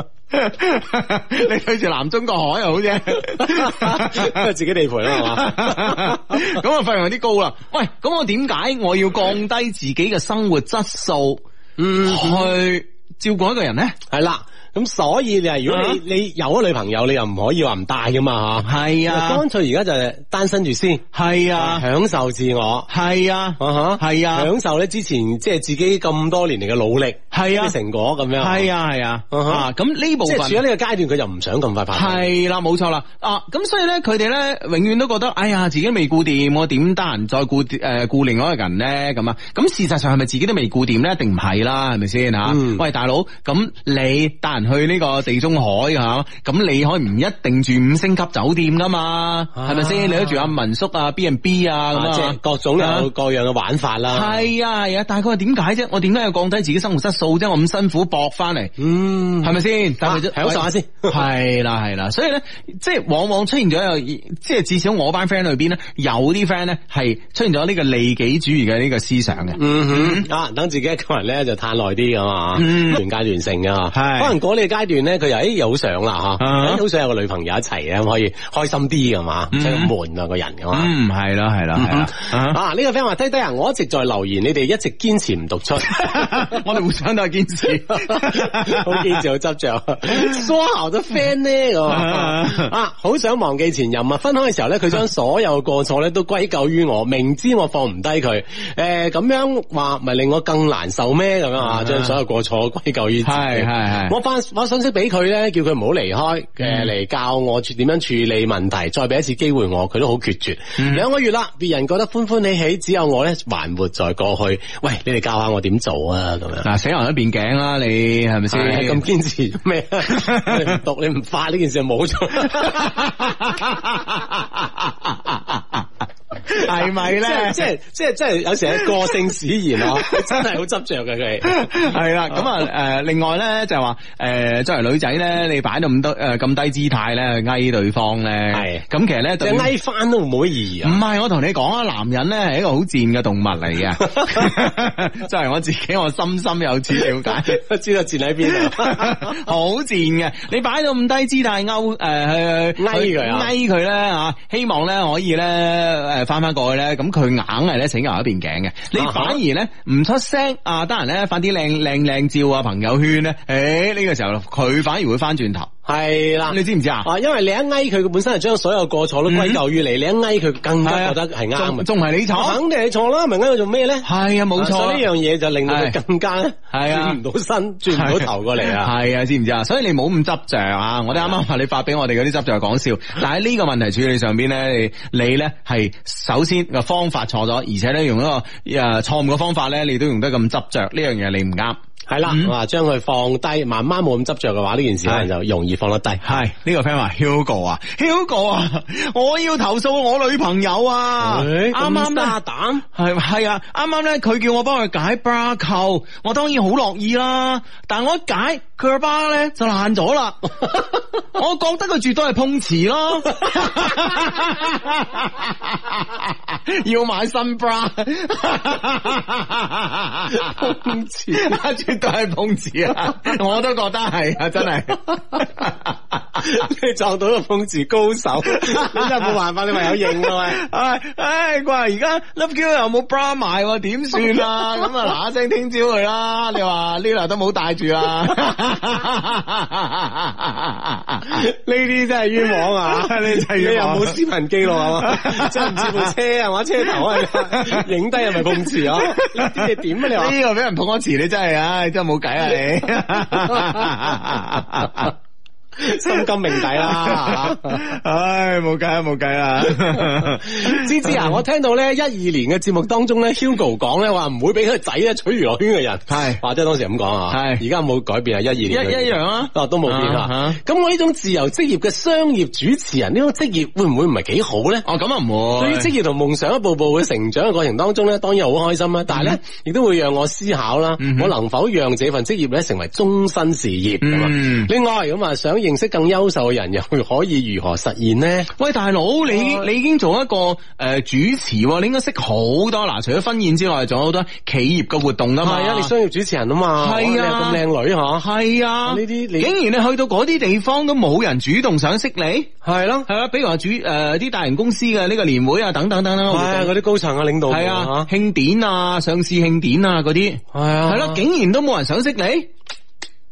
高。 你對住南中國海又好啫，自己地盤啦，係嘛？咁啊費用有啲高啦。喂，咁我點解我要降低自己嘅生活質素，嗯，去照顧一個人咧？係、嗯、啦。咁所以你話如果你你有咗女朋友，你又唔可以話唔帶噶嘛吓？係啊，乾脆而家就單身住先。係啊，享受自我。係啊，係、uh -huh, 啊，享受咧。之前即係自己咁多年嚟嘅努力，係啊，成果咁樣。係啊，係啊，咁、uh、呢 -huh, 啊、部分即係處喺呢個階段，佢就唔想咁快快、啊。係啦，冇錯啦。啊，咁所以咧，佢哋咧永遠都覺得，哎呀，自己未顧掂，我點得閒再顧誒顧另外一個人咧？咁啊，咁事實上係咪自己都未顧掂咧？一定唔係啦？係咪先吓？喂，大佬，咁你得閒？去呢個地中海吓，咁你可以唔一定住五星級酒店噶嘛，係咪先？你都住阿民宿啊、B and B 啊咁、啊、即各種各樣嘅玩法啦。係啊，是啊，是啊但是，但係佢話點解啫？我點解要降低自己生活質素啫？我咁辛苦搏翻嚟，嗯是是，係、啊、咪、啊啊、先？睇得上先？係啦係啦，所以咧，即係往往出現咗即係至少我班 friend 裏邊呢，有啲 friend 咧係出現咗呢個利己主義嘅呢個思想嘅、嗯。啊，啊，等自己一個人咧就嘆耐啲噶嘛，嗯，完屆完成噶，係、啊、可能。我哋嘅階段咧，佢又誒又好想啦吓，好、uh -huh. 哎、想有個女朋友一齊咧，可以開心啲噶嘛，即係悶啊個人噶嘛。嗯，係、mm、啦 -hmm.，係啦，係啦。啊，呢、這個 friend 話低低啊，我一直在留言，你哋一直堅持唔讀出，我哋冇想睇堅持，好堅持，好執着，雙號嘅 friend 呢！咁啊，好想忘記前任啊，分開嘅時候咧，佢將所有過錯咧都歸咎於我，明知我放唔低佢，誒、呃、咁樣話咪令我更難受咩咁樣啊？將所有過錯歸咎於係係我翻。我信息俾佢咧，叫佢唔好離開，誒、嗯、嚟教我點樣處理問題，再俾一次機會我，佢都好決絕。兩、嗯、個月啦，別人覺得歡歡喜喜，只有我咧還活在過去。喂，你哋教下我點做啊？咁樣嗱，死人一邊頸啦，你係咪先咁堅持咩？ 你唔讀，你唔發呢件事冇錯。 係咪咧？即係即係即係有時係個性使然咯、啊， 真係好執着嘅佢。係啦，咁啊誒，另外咧就係話誒、呃，作為女仔咧，你擺到咁低誒咁低姿態咧，呓對方咧，係咁其實咧，即係呓翻都唔可以。唔係，我同你講啊，男人咧係一個好賤嘅動物嚟嘅。 作為我自己，我深深有此了解， 知道賤喺邊度，好賤嘅。你擺到咁低姿態，勾、呃、誒去呓佢，啊。呓佢咧吓，希望咧可以咧。翻翻過去咧，咁佢硬係咧請整牙一邊頸嘅，你反而咧唔出聲啊，啊，當然咧發啲靚靚靚照啊，朋友圈咧，誒、哎、呢、這個時候佢反而會翻轉頭。係啦，你知唔知啊？啊，因為你一嗌佢，佢本身係將所有個錯過錯都歸咎於你、嗯，你一嗌佢更加覺得係啱，仲係你錯、啊，肯定係你錯啦，唔嗌佢做咩咧？係啊，冇錯。所以呢樣嘢就令到佢更加轉唔到身，轉唔到頭過嚟啊！係啊，知唔知啊？所以你冇咁執着啊！我哋啱啱話你發俾我哋嗰啲執着係講笑，啊、但喺呢個問題處理上邊咧，你你咧係首先個方法錯咗，而且咧用一個誒錯誤嘅方法咧，你都用得咁執着，呢樣嘢你唔啱。係啦，哇、嗯！將佢放低，慢慢冇咁執着嘅話，呢件事可能就容易放得低。係呢、這個 friend 話，Hugo 啊，Hugo 啊，我要投訴我女朋友啊！啱啱咧，膽係係啊，啱啱咧，佢叫我幫佢解 bra 扣，我當然好樂意啦。但我一解。佢個 bra 咧就爛咗啦，我覺得佢絕對係碰瓷咯，要買新 bra，碰瓷，絕對係碰瓷啊！我都覺得係啊，真係，你撞到個碰瓷高手，你真係冇辦法，你咪有應啦、哎。喂！唉，我話而家 Love，Q 又冇 bra 賣，點算啊？咁啊，嗱一聲聽朝佢啦。你話 l a 都冇帶住啦。呢 啲真係冤枉啊！ 你，真你又冇視頻記錄咯，啊！真係唔知部車係嘛？車頭影低係咪碰瓷 啊？你點啊？你呢個俾人碰咗瓷，你真係啊！真係冇計啊！你。心甘命抵啦，唉，冇計啊，冇計啦。芝 芝啊，我聽到咧一二年嘅節目當中咧 ，Hugo 講咧話唔會俾佢仔咧娶娛樂圈嘅人，係，或者當時咁講啊，係，而家冇改變啊，一二年一一樣啊，都冇變啊。咁我呢種自由職業嘅商業主持人呢種職業會唔會唔係幾好咧？哦、啊，咁啊唔會。對於職業同夢想一步步嘅成長嘅過程當中咧，當然好開心啦，但係咧、嗯、亦都會讓我思考啦、嗯，我能否讓這份職業咧成為終身事業？嗯、另外咁啊，想。認識更優秀嘅人又會可以如何實現呢？喂，大佬，你、啊、你已經做一個誒主持，你應該識好多啦，除咗婚宴之外，仲有好多企業嘅活動噶嘛，係啊，啊，你商業主持人啊嘛，係啊，咁靚女吓，係啊，呢啲、啊、竟然你去到嗰啲地方都冇人主動想識你，係咯、啊，係咯、啊，比如話主誒啲、呃、大型公司嘅呢、這個年會啊，等等等啦，係啊，嗰啲高層嘅領導，係啊，慶典啊，上市慶典啊，嗰啲，係啊，係咯、啊，竟然都冇人想識你。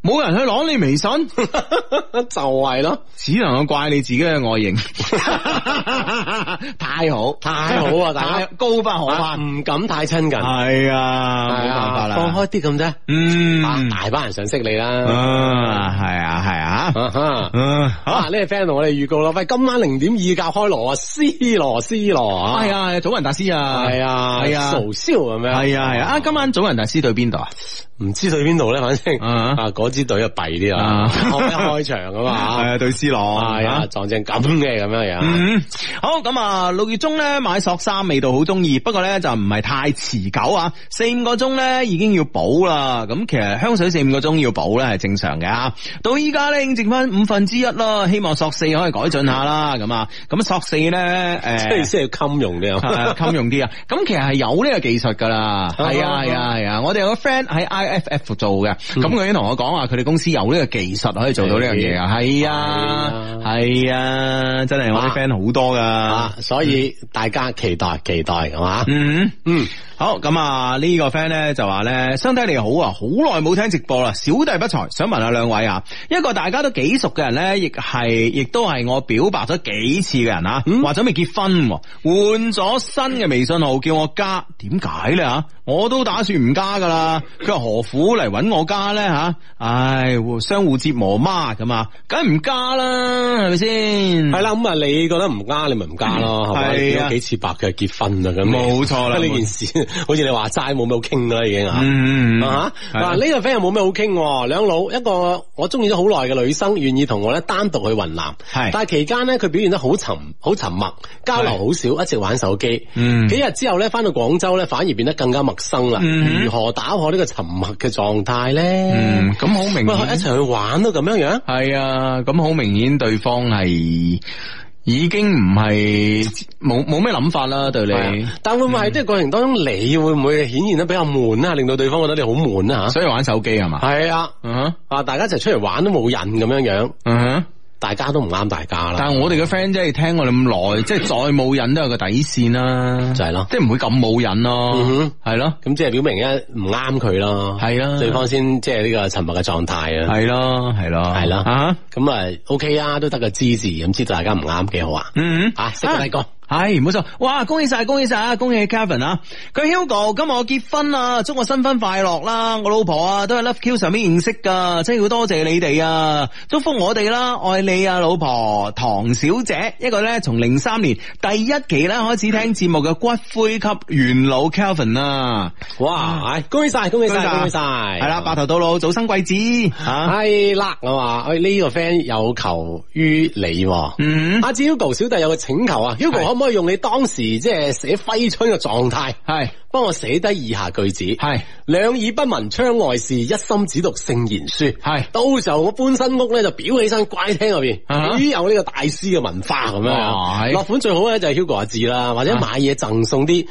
冇人去攞你微信， 就係咯，只能去怪你自己嘅外形， 太好太好啊！ 大家高不可攀，唔、啊、敢太親近，係、哎、啊，冇辦法啦，放開啲咁啫，嗯，啊、大班人想識你啦，係啊係啊,啊,啊,啊,啊，好啊，呢個 friend 同我哋預告咯，喂，今晚零點二甲開鑼、哎、啊，C 朗 C 朗啊，係啊，祖雲達斯啊，係啊係啊，傻笑咁樣，係啊係啊，今晚祖雲達斯對邊度啊？唔知對邊度咧，反正啊,啊支隊一弊啲啊！開，開場噶嘛，係 啊，對斯朗啊，啊，啊，啊，撞正咁嘅咁樣樣、啊嗯。好咁啊、嗯，六月中咧買索三味道好中意，不過咧就唔係太持久啊，四五個鐘咧已經要補啦。咁其實香水四五個鐘要補咧係正常嘅。到依家咧已經剩翻五分之一咯，希望索四可以改進下啦。咁、嗯、啊，咁索四咧誒，即係需要襟用啲啊，襟用啲啊。咁 其實係有呢個技術噶啦，係啊係啊係啊。我哋有個 friend 喺 IFF 做嘅，咁佢已經同我講啊。佢哋公司有呢個技術，可以做到呢樣嘢啊，係啊，係啊，啊，真係我啲 friend 好多噶、啊，所以大家期待、嗯、期待，係嘛？嗯嗯。好咁啊！呢、這個 friend 咧就話咧身體你好啊，好耐冇聽直播啦。小弟不才，想問下兩位啊，一個大家都幾熟嘅人咧，亦係亦都係我表白咗幾次嘅人啊，話準備結婚，換咗新嘅微信號叫我加，點解咧吓？我都打算唔加噶啦。佢話何苦嚟搵我加咧吓？唉、哎，相互折磨嘛咁啊，梗係唔加啦，係咪先？係啦，咁啊，你覺得唔加，你咪唔加咯，係、嗯、有幾次白佢結婚啊，咁、嗯、冇錯啦呢 這件事。 好似你話齋，冇咩好傾㗎啦，已經嗯啊嗯啊吓，嗱、這、呢個 friend 又冇咩好傾。兩老一個我中意咗好耐嘅女生，願意同我咧單獨去雲南。係，但係期間咧佢表現得好沉，好沉默，交流好少，一直玩手機。嗯，幾日之後咧翻到廣州咧，反而變得更加陌生啦、嗯。如何打破呢個沉默嘅狀態咧？嗯，咁好明顯。喂，一齊去玩都咁樣樣。係啊，咁好明顯對方係。已經唔係冇冇咩諗法啦、啊，對，你但會唔會喺呢個過程當中，你會唔會顯現得比較悶啦、啊？令到對方覺得你好悶啦，吓。所以玩手機係嘛？係啊，嗯，啊，大家一齊出嚟玩都冇癮咁樣樣，嗯、uh -huh.。大家都唔啱大家啦，但係我哋嘅 friend 即係聽我哋咁耐，即係再冇癮都有個底線啦、啊，就係、是、咯、啊，嗯、即係唔會咁冇癮咯，係咯，咁即係表明一唔啱佢咯，係咯，對方先即係呢個沉默嘅狀態啊，係咯，係咯，係咯，啊，咁啊，OK 啊，都得個支持，咁知道大家唔啱幾好啊，嗯哼，啊，識得呢個。啊係唔好錯，哇！恭喜晒，恭喜晒啊！恭喜 Kevin 啊！佢 Hugo 今日我結婚啊，祝我新婚快樂啦！我老婆啊都喺 Love Q 上面認識噶，真係要多謝、謝你哋啊！祝福我哋啦，愛你啊，老婆唐小姐，一個咧從零三年第一期咧開始聽節目嘅骨灰級元老 Kevin 啊！哇！恭喜晒、嗯，恭喜晒，恭喜晒！係啦，白、嗯、頭到老，早生貴子吓，係叻啊嘛！呢、這個 friend 有求於你，嗯，阿、啊、Hugo 小弟有個請求啊，Hugo 可唔可以用你當時即係寫揮春嘅狀態，係幫我寫低以下句子，係兩耳不聞窗外事，一心只讀聖賢書。係到時候我搬新屋咧，就裱起身掛喺廳入邊，只有呢個大師嘅文化咁樣。落、uh、款 -huh. 最好咧就係 Hugo 阿智啦，或者買嘢贈送啲。Uh -huh.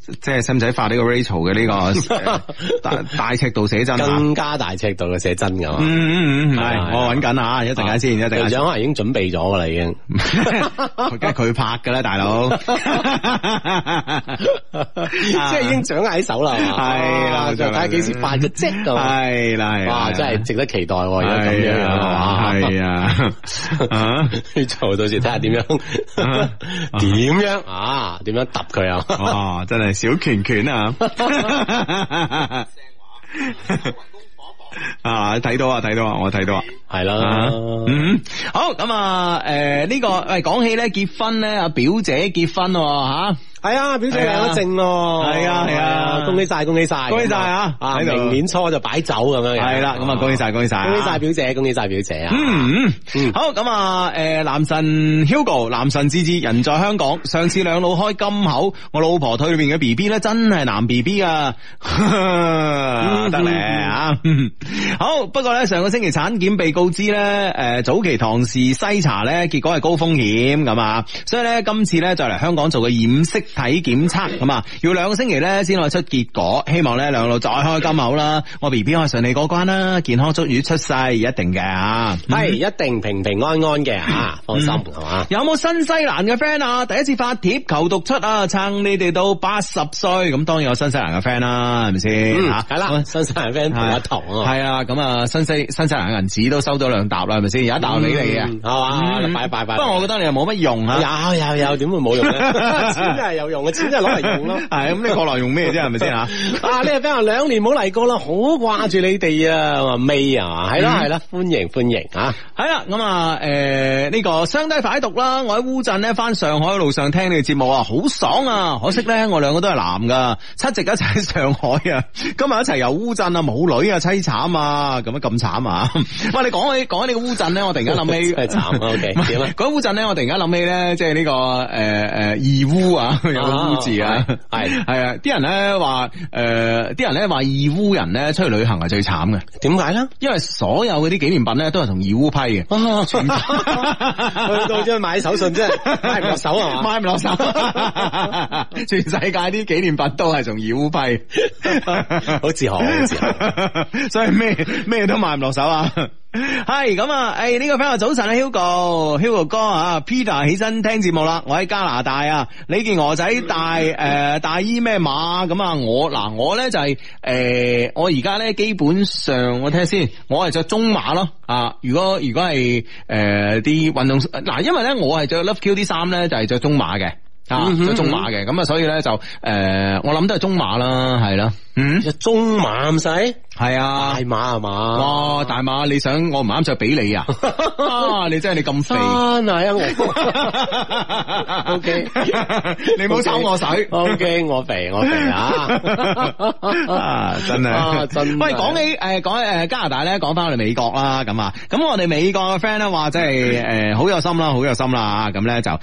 即係使唔使發呢個 Rachel 嘅呢個大大尺度寫真啊？更加大尺度嘅寫真噶嘛？係我揾緊啊，一陣間先，一、啊、陣。間可能已經準備咗噶啦，已經、啊。梗係佢拍噶啦，大佬、啊啊啊。即係已經掌握喺手啦，係啦、啊，就睇幾時發嘅度係啦，哇，真係值得期待。而家咁樣，係啊，Rachel、啊啊啊、到時睇下點樣，點樣啊，點樣揼佢啊！真係。啊啊小拳拳啊， 啊！啊，睇到啊，睇到啊，我睇到啊，係啦，嗯，好咁啊，誒，呢、呃這個誒，講起咧結婚咧，阿表姐結婚咯，吓。啊係、哎、啊，表姐領咗證咯、啊！係啊係啊，啊，啊，恭喜晒，恭喜晒，恭喜晒吓、啊！啊，明年初就擺酒咁樣嘅，係啦，咁、嗯、啊，恭喜晒，恭喜晒、啊，恭喜晒表姐，恭喜晒表姐啊！嗯好，咁啊，誒、呃，男神 Hugo，男神之之，人在香港。上次兩老開金口，我老婆肚裏面嘅 B B 咧，真係男 B B 啊， 得嚟啊！嗯、 好，不過咧，上個星期產檢被告知咧，誒，早期唐氏篩查咧，結果係高風險咁啊，所以咧，今次咧就嚟香港做個染色。體檢測咁啊，要兩個星期咧先可以出結果。希望咧兩路再開金口啦，我 B B 可以順利過關啦，健康足魚出世一定嘅啊，係一定平平安安嘅啊，放心、嗯嗯、有冇新西蘭嘅 friend 啊？第一次發帖求讀出啊，撐你哋到八十歲咁，當然有新西蘭嘅 friend 啦，係咪先吓？係、嗯、啦，新西蘭 friend 同我一堂。係啊，咁啊，新西新西蘭銀紙都收咗兩沓啦，係咪先？有一沓你嚟嘅，係嘛？拜拜拜！不過我覺得你又冇乜用啊。有有有，點會冇用有用，錢 啊，真係攞嚟用咯。係咁，你過來用咩啫？係咪先吓？啊，你阿斌啊，兩年冇嚟過啦，好掛住你哋啊！話未啊？係啦係啦，歡迎歡迎啊！係啦，咁啊，誒呢個雙低快讀啦！我喺烏鎮咧，翻上海嘅路上聽你嘅節目啊，好爽啊！可惜咧，我兩個都係男噶，七夕一齊喺上海啊，今日一齊遊烏鎮啊，冇女啊，凄慘啊！咁樣咁慘啊！喂， 你講起講起呢個烏鎮咧，我突然間諗起，係 慘、okay, 啊。O K，講烏鎮咧，我突然間諗起咧，即係呢、這個誒誒義烏啊。 有污字啊，啊，係係啊，啲人咧話，誒、呃，啲人咧話，義烏人咧出去旅行係最慘嘅，點解咧？因為所有嗰啲紀念品咧都係同義烏批嘅，去到即係買手信真係買唔落手啊，買唔落手，全世界啲紀念品都係同義烏批，好自豪，好自豪，所以咩咩都買唔落手啊。係咁啊！誒，呢個朋友早晨啊，Hugo 哥 Hugo 哥啊，Peter 起身聽節目啦。我喺加拿大啊。你件鵝仔大誒大衣咩碼？咁啊，我嗱我咧就係、是、誒、呃，我而家咧基本上我聽先，我係着中碼咯啊。如果如果係誒啲運動，嗱，因為咧我係着 Love Q 啲衫咧，就係、是、着中碼嘅啊，着、嗯、中碼嘅。咁啊，所以咧就誒、呃，我諗都係中碼啦，係啦。嗯，中碼咁使。係啊，大馬係嘛，哇、哦！大馬，你想我唔啱着俾你啊？哇， 你真係、啊、 Okay, 你咁肥啊！O K，你唔好抽我水 okay, okay, 我。O K，我肥我肥啊！真係、啊，真。喂，講起誒，講誒加拿大咧，講翻我哋美國啦，咁啊，咁我哋美國嘅 friend 咧話，即係誒好有心啦，好有心啦咁咧就誒，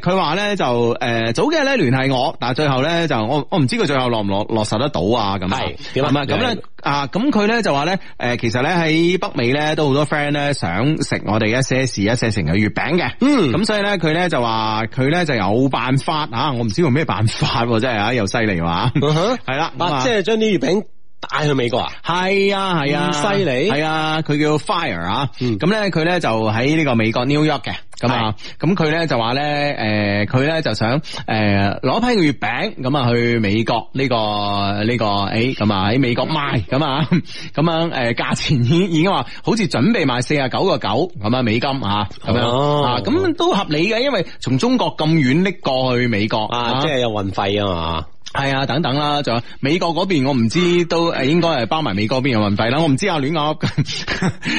佢話咧就誒、呃、早幾日咧聯繫我，但係最後咧就我我唔知佢最後落唔落落實得到啊？咁係，係咁咧。啊，咁佢咧就話咧，誒，其實咧喺北美咧都好多 friend 咧想食我哋一些事一些情嘅月餅嘅，嗯，咁所以咧佢咧就話佢咧就有辦法啊。我唔知用咩辦法真係啊，又犀利嘛，嗯、啊、哼，係、啊、啦，即係將啲月餅。帶、啊啊啊嗯呃呃、去美國啊？係啊係啊，犀利！係啊，佢叫 Fire 啊，咁咧佢咧就喺呢個美國 New York 嘅，咁啊，咁佢咧就話咧，誒，佢咧就想，誒，攞批個月餅咁啊去美國呢個呢個，誒、這個，咁啊喺美國賣，咁啊，咁樣誒，價錢已已經話好似準備賣四啊九個九咁啊美金啊，咁樣啊，咁、哦、都合理嘅，因為從中國咁遠搦過去美國啊，即、就、係、是、有運費啊嘛。係啊，等等啦，就美國嗰邊我唔知都，誒，應該係包埋美國邊嘅運費啦。我唔知啊，亂噏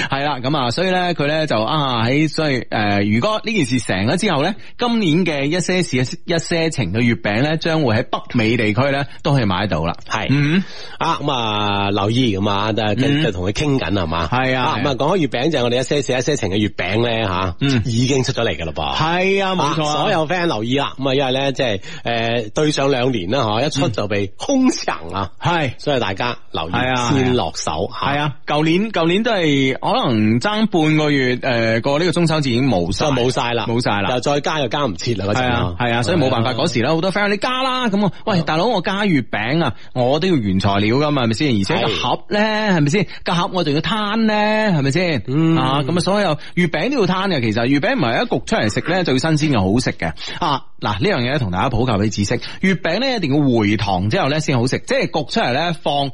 係啦，咁 啊，所以咧佢咧就啊喺所以誒、呃，如果呢件事成咗之後咧，今年嘅一些事、一些情嘅月餅咧，將會喺北美地區咧都可以買到啦。係、啊，嗯，啊咁啊、嗯、留意咁、嗯、啊，就就同佢傾緊係嘛。係啊，咁啊講開月餅就係我哋一些事、一些情嘅月餅咧吓，已經出咗嚟噶啦噃。係啊，冇錯、啊，所有 friend 留意啦。咁啊，因為咧即係誒對上兩年啦，吓。嗯、一出就被空牆啊，係，所以大家留意先落手吓，係啊，舊、啊啊啊、年舊年都係可能爭半個月，誒、呃，過呢個中秋節已經冇晒，冇晒啦，冇晒啦，了再加又加唔切啦，係啊，係啊，所以冇辦法嗰、啊啊、時咧，好多 friend 你加啦，咁，啊，喂，大佬我加月餅啊，我都要原材料噶嘛，係咪先？而且個盒咧，係咪先？啊那個盒我仲要攤咧，係咪先？啊，咁啊，所有月餅都要攤嘅，其實月餅唔係一焗出嚟食咧，就要新鮮又好食嘅啊。嗱、啊，呢樣嘢同大家普及啲知識，月餅咧一定要。回糖之後咧，先好食。即係焗出嚟咧，放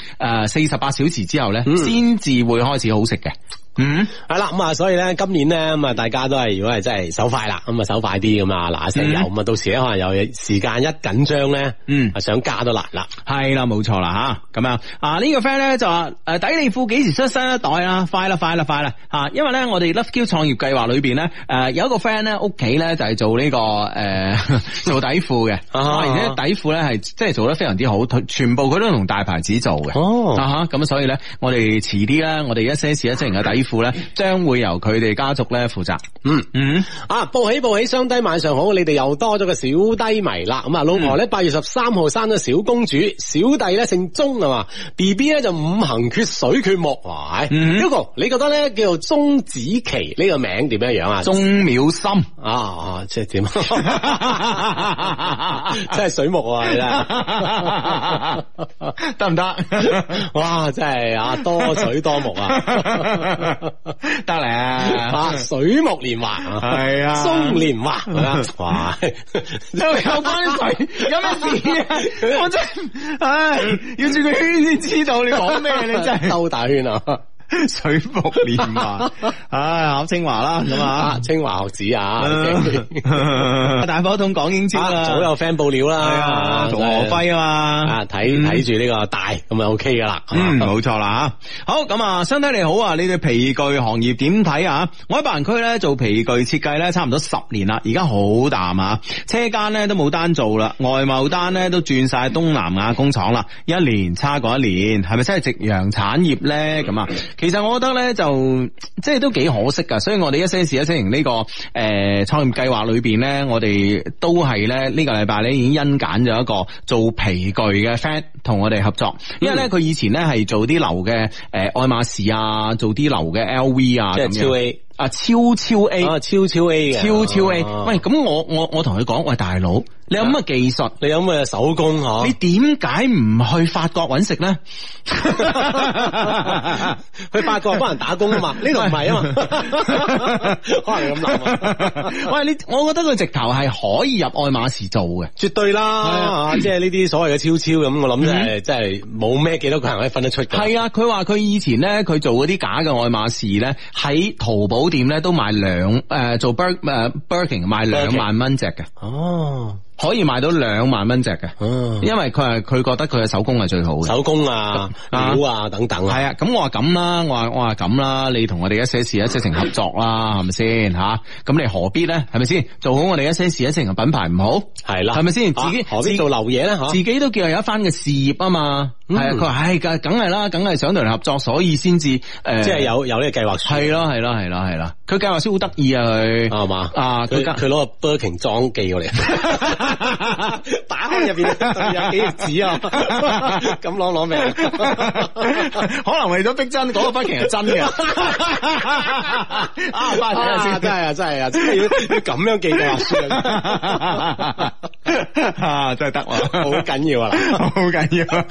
誒四十八小時之後咧，先至會開始好食嘅。嗯嗯，係、嗯、啦，咁、嗯、啊，所以咧，今年咧咁啊，大家都係如果係真係手快啦，咁啊手快啲㗎嘛，嗱、啊，石油咁啊，到時咧可能有時間一緊張咧，嗯，想加都難、嗯、啦，係啦，冇錯啦吓，咁樣啊，這個、呢個 friend 咧就話誒底褲幾時出新一代啊，快啦快啦快啦吓，因為咧我哋 Love Q 創業計劃裏邊咧誒有一個 friend 咧屋企咧就係做呢、這個誒、呃、做底褲嘅，啊、而且底褲咧係即係做得非常之好，全部佢都同大牌子做嘅，哦、啊，咁啊所以咧我哋遲啲啦，我哋一些時咧即係有底褲。副咧，將會由佢哋家族咧負責。嗯嗯，啊，報喜報喜，雙低晚上好，你哋又多咗個小低迷啦。咁啊，老婆咧、嗯、八月十三號生咗小公主，小弟咧姓鍾啊嘛，B B 咧就五行缺水缺木，係咪？Hugo 你覺得咧叫鍾子琪呢、這個名點樣樣啊？鍾淼森啊即係點？ 真係水木啊，得唔得？ 哇，真係啊，多水多木啊！ 得嚟啊，啊！水木年華係啊，松年華、啊啊、哇！又 有關水 有咩事啊？ 我真
係唉，哎、 要轉個圈先知道你講咩， 你真係的
兜大圈啊！水泊年華，唉，考清華啦咁啊，清華學子啊，啊啊啊啊 大伙同講英超啊，啊，早有 friend 報料啦，同何輝啊嘛，啊睇睇住呢個大咁啊 OK 噶啦，嗯，冇錯、OK 嗯啊、啦，好咁啊，相睇你好啊，你哋皮具行業點睇啊？我喺白雲區咧做皮具設計咧，差唔多十年啦，而家好淡啊，車間咧都冇單做啦，外貿單咧都轉晒東南亞工廠啦，一年差過一年，係咪真係夕陽產業咧？咁啊？其實我覺得咧就即係都幾可惜噶，所以我哋一些事一些情呢個誒創、呃、業計劃裏邊咧，我哋都係咧呢個禮拜咧已經因揀咗一個做皮具嘅 friend 同我哋合作，因為咧佢以前咧係做啲流嘅誒愛馬仕啊，做啲流嘅 L V 啊咁樣。啊超超 A，啊超超 A 超超 A，喂咁我我我同佢講，喂，我我我喂大佬，你有乜技術？你有乜手工？你點解唔去法國搵食咧？ 去法國幫人打工啊嘛？呢度唔係啊嘛？可能咁諗。喂你，我覺得佢直頭係可以入愛馬仕做嘅，絕對啦，啊啊、即係呢啲所謂嘅超超咁， 我諗就係真係冇咩幾多個人可以分得出。係啊，佢話佢以前咧，佢做嗰啲假嘅愛馬仕咧，喺淘寶。店咧，都賣兩誒做 bird 誒 birkin 賣兩萬蚊隻嘅哦。可以賣到兩萬蚊隻嘅，因為佢係佢覺得佢嘅手工係最好嘅，手工啊、料啊，啊等等係啊，咁、啊、我話咁啦，我話我話咁啦，你同我哋一些事一些情合作啦、啊，係咪先吓？咁、啊、你何必咧？係咪先做好我哋一些事一些情嘅品牌唔好？係啦、啊，係咪先自己何必做流嘢咧？自己都叫係有一番嘅事業啊嘛。係、嗯、啊，佢話梗梗係啦，梗、哎、係想同你合作，所以先至誒，即係有有呢個計劃。係咯，係咯，係咯，係咯，佢計劃書好得意啊，佢係嘛啊，佢佢攞個 burking 裝機過嚟。 打開入邊有幾頁紙啊？咁攞攞命，可能為咗逼真，嗰、那個筆其實真嘅、啊。
啊，真，真，真啊，真係
啊，真係啊，真係要要咁樣記嘅？啊，真係得啊，好緊要啊，好緊要。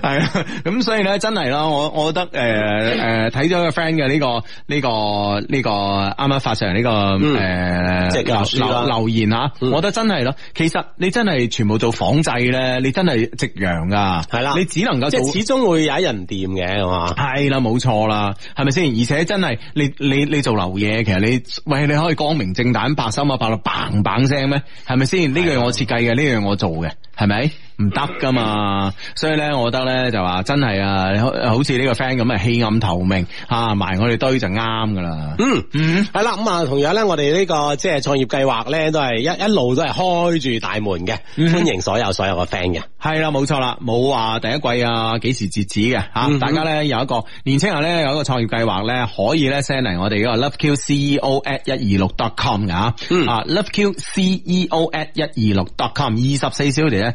係啊，咁、 啊、所以咧，真係啦，我我覺得誒誒，睇、呃、咗、呃、個 friend 嘅呢個呢個呢個啱啱發上呢個。這個這個剛剛誒、嗯，即、呃、係、就是、留言啊、嗯，我覺得真係咯。其實你真係全部做仿製咧，你真係夕洋噶，係啦。你只能夠做，就是、始終會有人掂嘅，係嘛？係啦，冇錯啦，係咪先？而且真係你你你做流嘢，其實你喂你可以光明正大白心啊，白到砰砰聲咩？係咪先？呢樣我設計嘅，呢樣我做嘅，係咪？唔得噶嘛，所以咧，我覺得咧就話真係啊，好似呢個 friend 咁啊，棄暗投明啊，埋我哋堆就啱噶啦。嗯嗯，係啦，咁啊，同樣咧，我哋，這個就是，呢個即係創業計劃咧，都係一一路都係開住大門嘅，歡迎所有、嗯、所有嘅 friend 嘅。係啦，冇錯啦，冇話第一季啊，幾時截止嘅吓，啊嗯？大家咧有一個年輕人咧有一個創業計劃咧，可以咧 send 嚟我哋呢個 loveqceo@ 一二六 .com 㗎。啊、嗯 uh，loveqceo@ 一二六 .com，二十四小時咧。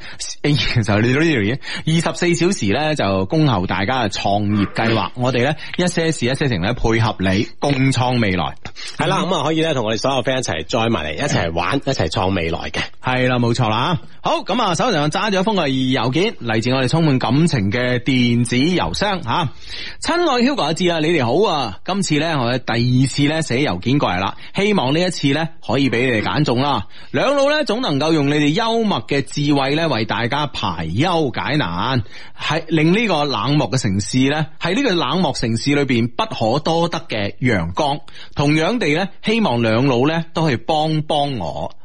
其實你呢條嘢，二十四小時咧就恭候大家嘅創業計劃。我哋咧一些事一些情咧配合你共創未來。係啦，咁、嗯、啊可以咧同我哋所有 friend 一齊載埋嚟一齊玩、嗯、一齊創未來嘅。係啦，冇錯啦。好，咁啊手上揸住一封二郵件，嚟自我哋充滿感情嘅電子郵箱。吓、啊，親愛 Hugo 一志啊，你哋好啊。今次咧我哋第二次咧寫郵件過嚟啦，希望呢一次咧可以俾你哋揀中啦。兩老咧總能夠用你哋幽默嘅智慧咧為大家。排憂解難，喺令呢個冷漠嘅城市呢，喺呢個冷漠城市裏邊不可多得嘅陽光。同樣地呢，希望兩老呢都可以幫幫我。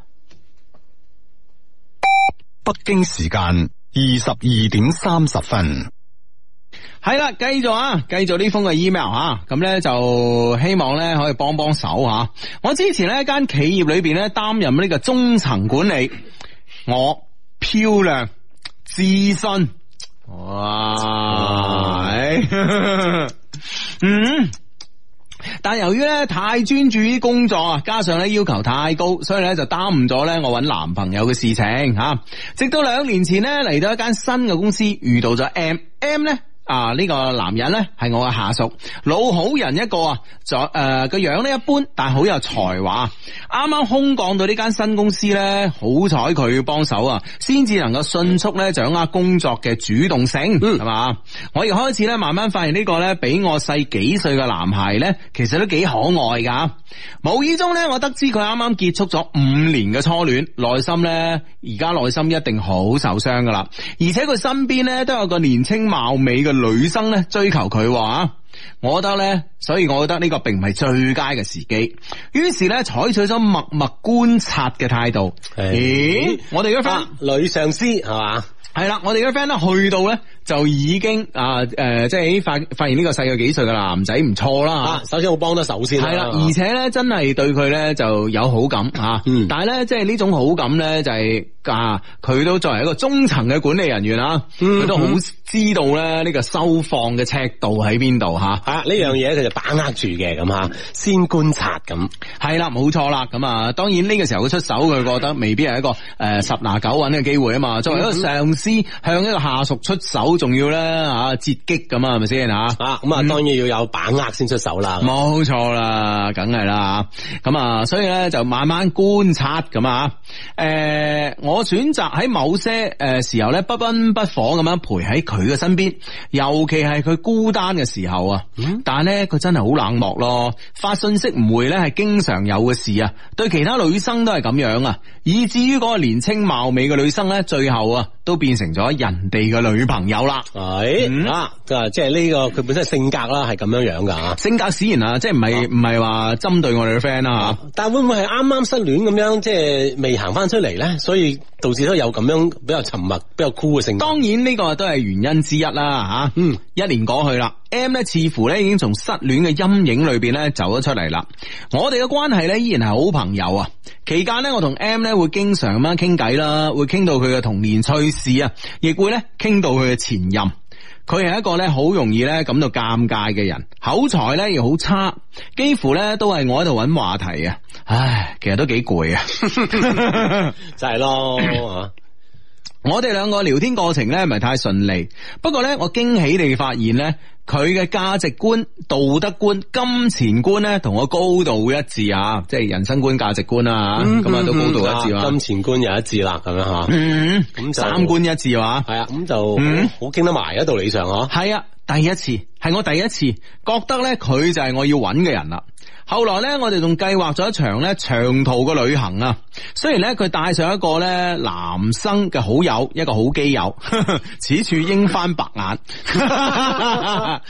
北京時間二十二點三十分，係啦，繼續啊，繼續呢封嘅 email 啊，咁呢就希望呢可以幫幫手啊。我之前呢一間企業裏邊呢擔任呢個中層管理，我漂亮，自信，
哇！哇
嗯，但由於咧太專注於工作啊，加上咧要求太高，所以咧就耽誤咗咧我搵男朋友嘅事情吓。直到兩年前咧嚟到一間新嘅公司，遇到咗 MM 咧。啊！呢、這個男人咧係我嘅下屬，老好人一個啊，就誒個樣咧一般，但好有才華。啱啱空降到呢間新公司咧，好彩佢幫手啊，先至能夠迅速咧掌握工作嘅主動性，係、嗯、嘛？我亦開始咧慢慢發現呢個咧比我細幾歲嘅男孩咧，其實都幾可愛噶。無意中咧，我得知佢啱啱結束咗五年嘅初戀，內心咧，而家內心一定好受傷噶啦。而且佢身邊咧都有個年輕貌美嘅。女生咧追求佢話。我覺得咧，所以我覺得呢個並唔係最佳嘅時機。於是咧，採取咗默默觀察嘅態度。咦、欸？我哋嘅 friend 女上司係嘛？係啦，我哋嘅 friend 咧去到咧就已經啊誒，即、呃、係、就是、發發現呢個細個幾歲嘅男仔唔錯啦吓。首先好幫得手先係啦，而且咧真係對佢咧就有好感吓、嗯。但係咧即係呢種好感咧就係、是、佢、啊、都作為一個中層嘅管理人員啊，佢、嗯、都好知道咧呢個收放嘅尺度喺邊度吓。啊！呢樣嘢佢就把握住嘅咁吓，先觀察咁係啦，冇錯啦。咁啊，當然呢個時候佢出手，佢覺得未必係一個誒、呃、十拿九穩嘅機會啊嘛。作為一個上司向一個下屬出手，仲要咧啊截擊咁啊，係咪先吓？咁、嗯、啊，當然要有把握先出手啦。冇錯啦，梗係啦。咁啊，所以咧就慢慢觀察咁啊。誒，我選擇喺某些誒時候咧不溫不火咁樣陪喺佢嘅身邊，尤其係佢孤單嘅時候啊。嗯、但係咧，佢真係好冷漠咯，發信息唔會咧係經常有嘅事啊。對其他女生都係咁樣啊，以至於嗰個年青貌美嘅女生咧，最後啊都變成咗人哋嘅女朋友啦。係、嗯、啊，即係呢個佢本身性格啦，係咁樣樣噶吓。性格使然、就是、啊，即係唔係唔係話針對我哋嘅 friend 啦吓。但係會唔會係啱啱失戀咁樣，即係未行翻出嚟咧，所以導致都有咁樣比較沉默、比較酷嘅性格。當然呢個都係原因之一啦、啊、吓。嗯。一年過去啦，M 咧似乎咧已經從失戀嘅陰影裏邊咧走咗出嚟啦。我哋嘅關係咧依然係好朋友啊。期間咧我同 M 咧會經常咁樣傾偈啦，會傾到佢嘅童年趣事啊，亦會咧傾到佢嘅前任。佢係一個咧好容易咧感到尷尬嘅人，口才咧亦好差，幾乎咧都係我喺度揾話題啊。唉，其實都幾攰啊， 就係咯。我哋兩個聊天過程咧，唔係太順利。不過咧，我驚喜地發現咧，佢嘅價值觀、道德觀、金錢觀咧，同我高度一致啊！即係人生觀、價值觀啊。咁啊都高度一致啊，嗯嗯嗯！金錢觀又一致啦，咁樣吓，咁三觀一致話，係啊，咁就好傾得埋一，嗯、道理上啊，係啊，第一次係我第一次覺得咧，佢就係我要揾嘅人啦。後來咧，我哋仲計劃咗一場咧長途嘅旅行啊。雖然咧佢帶上一個咧男生嘅好友，一個好基友，呵呵，此處應翻白眼 啊！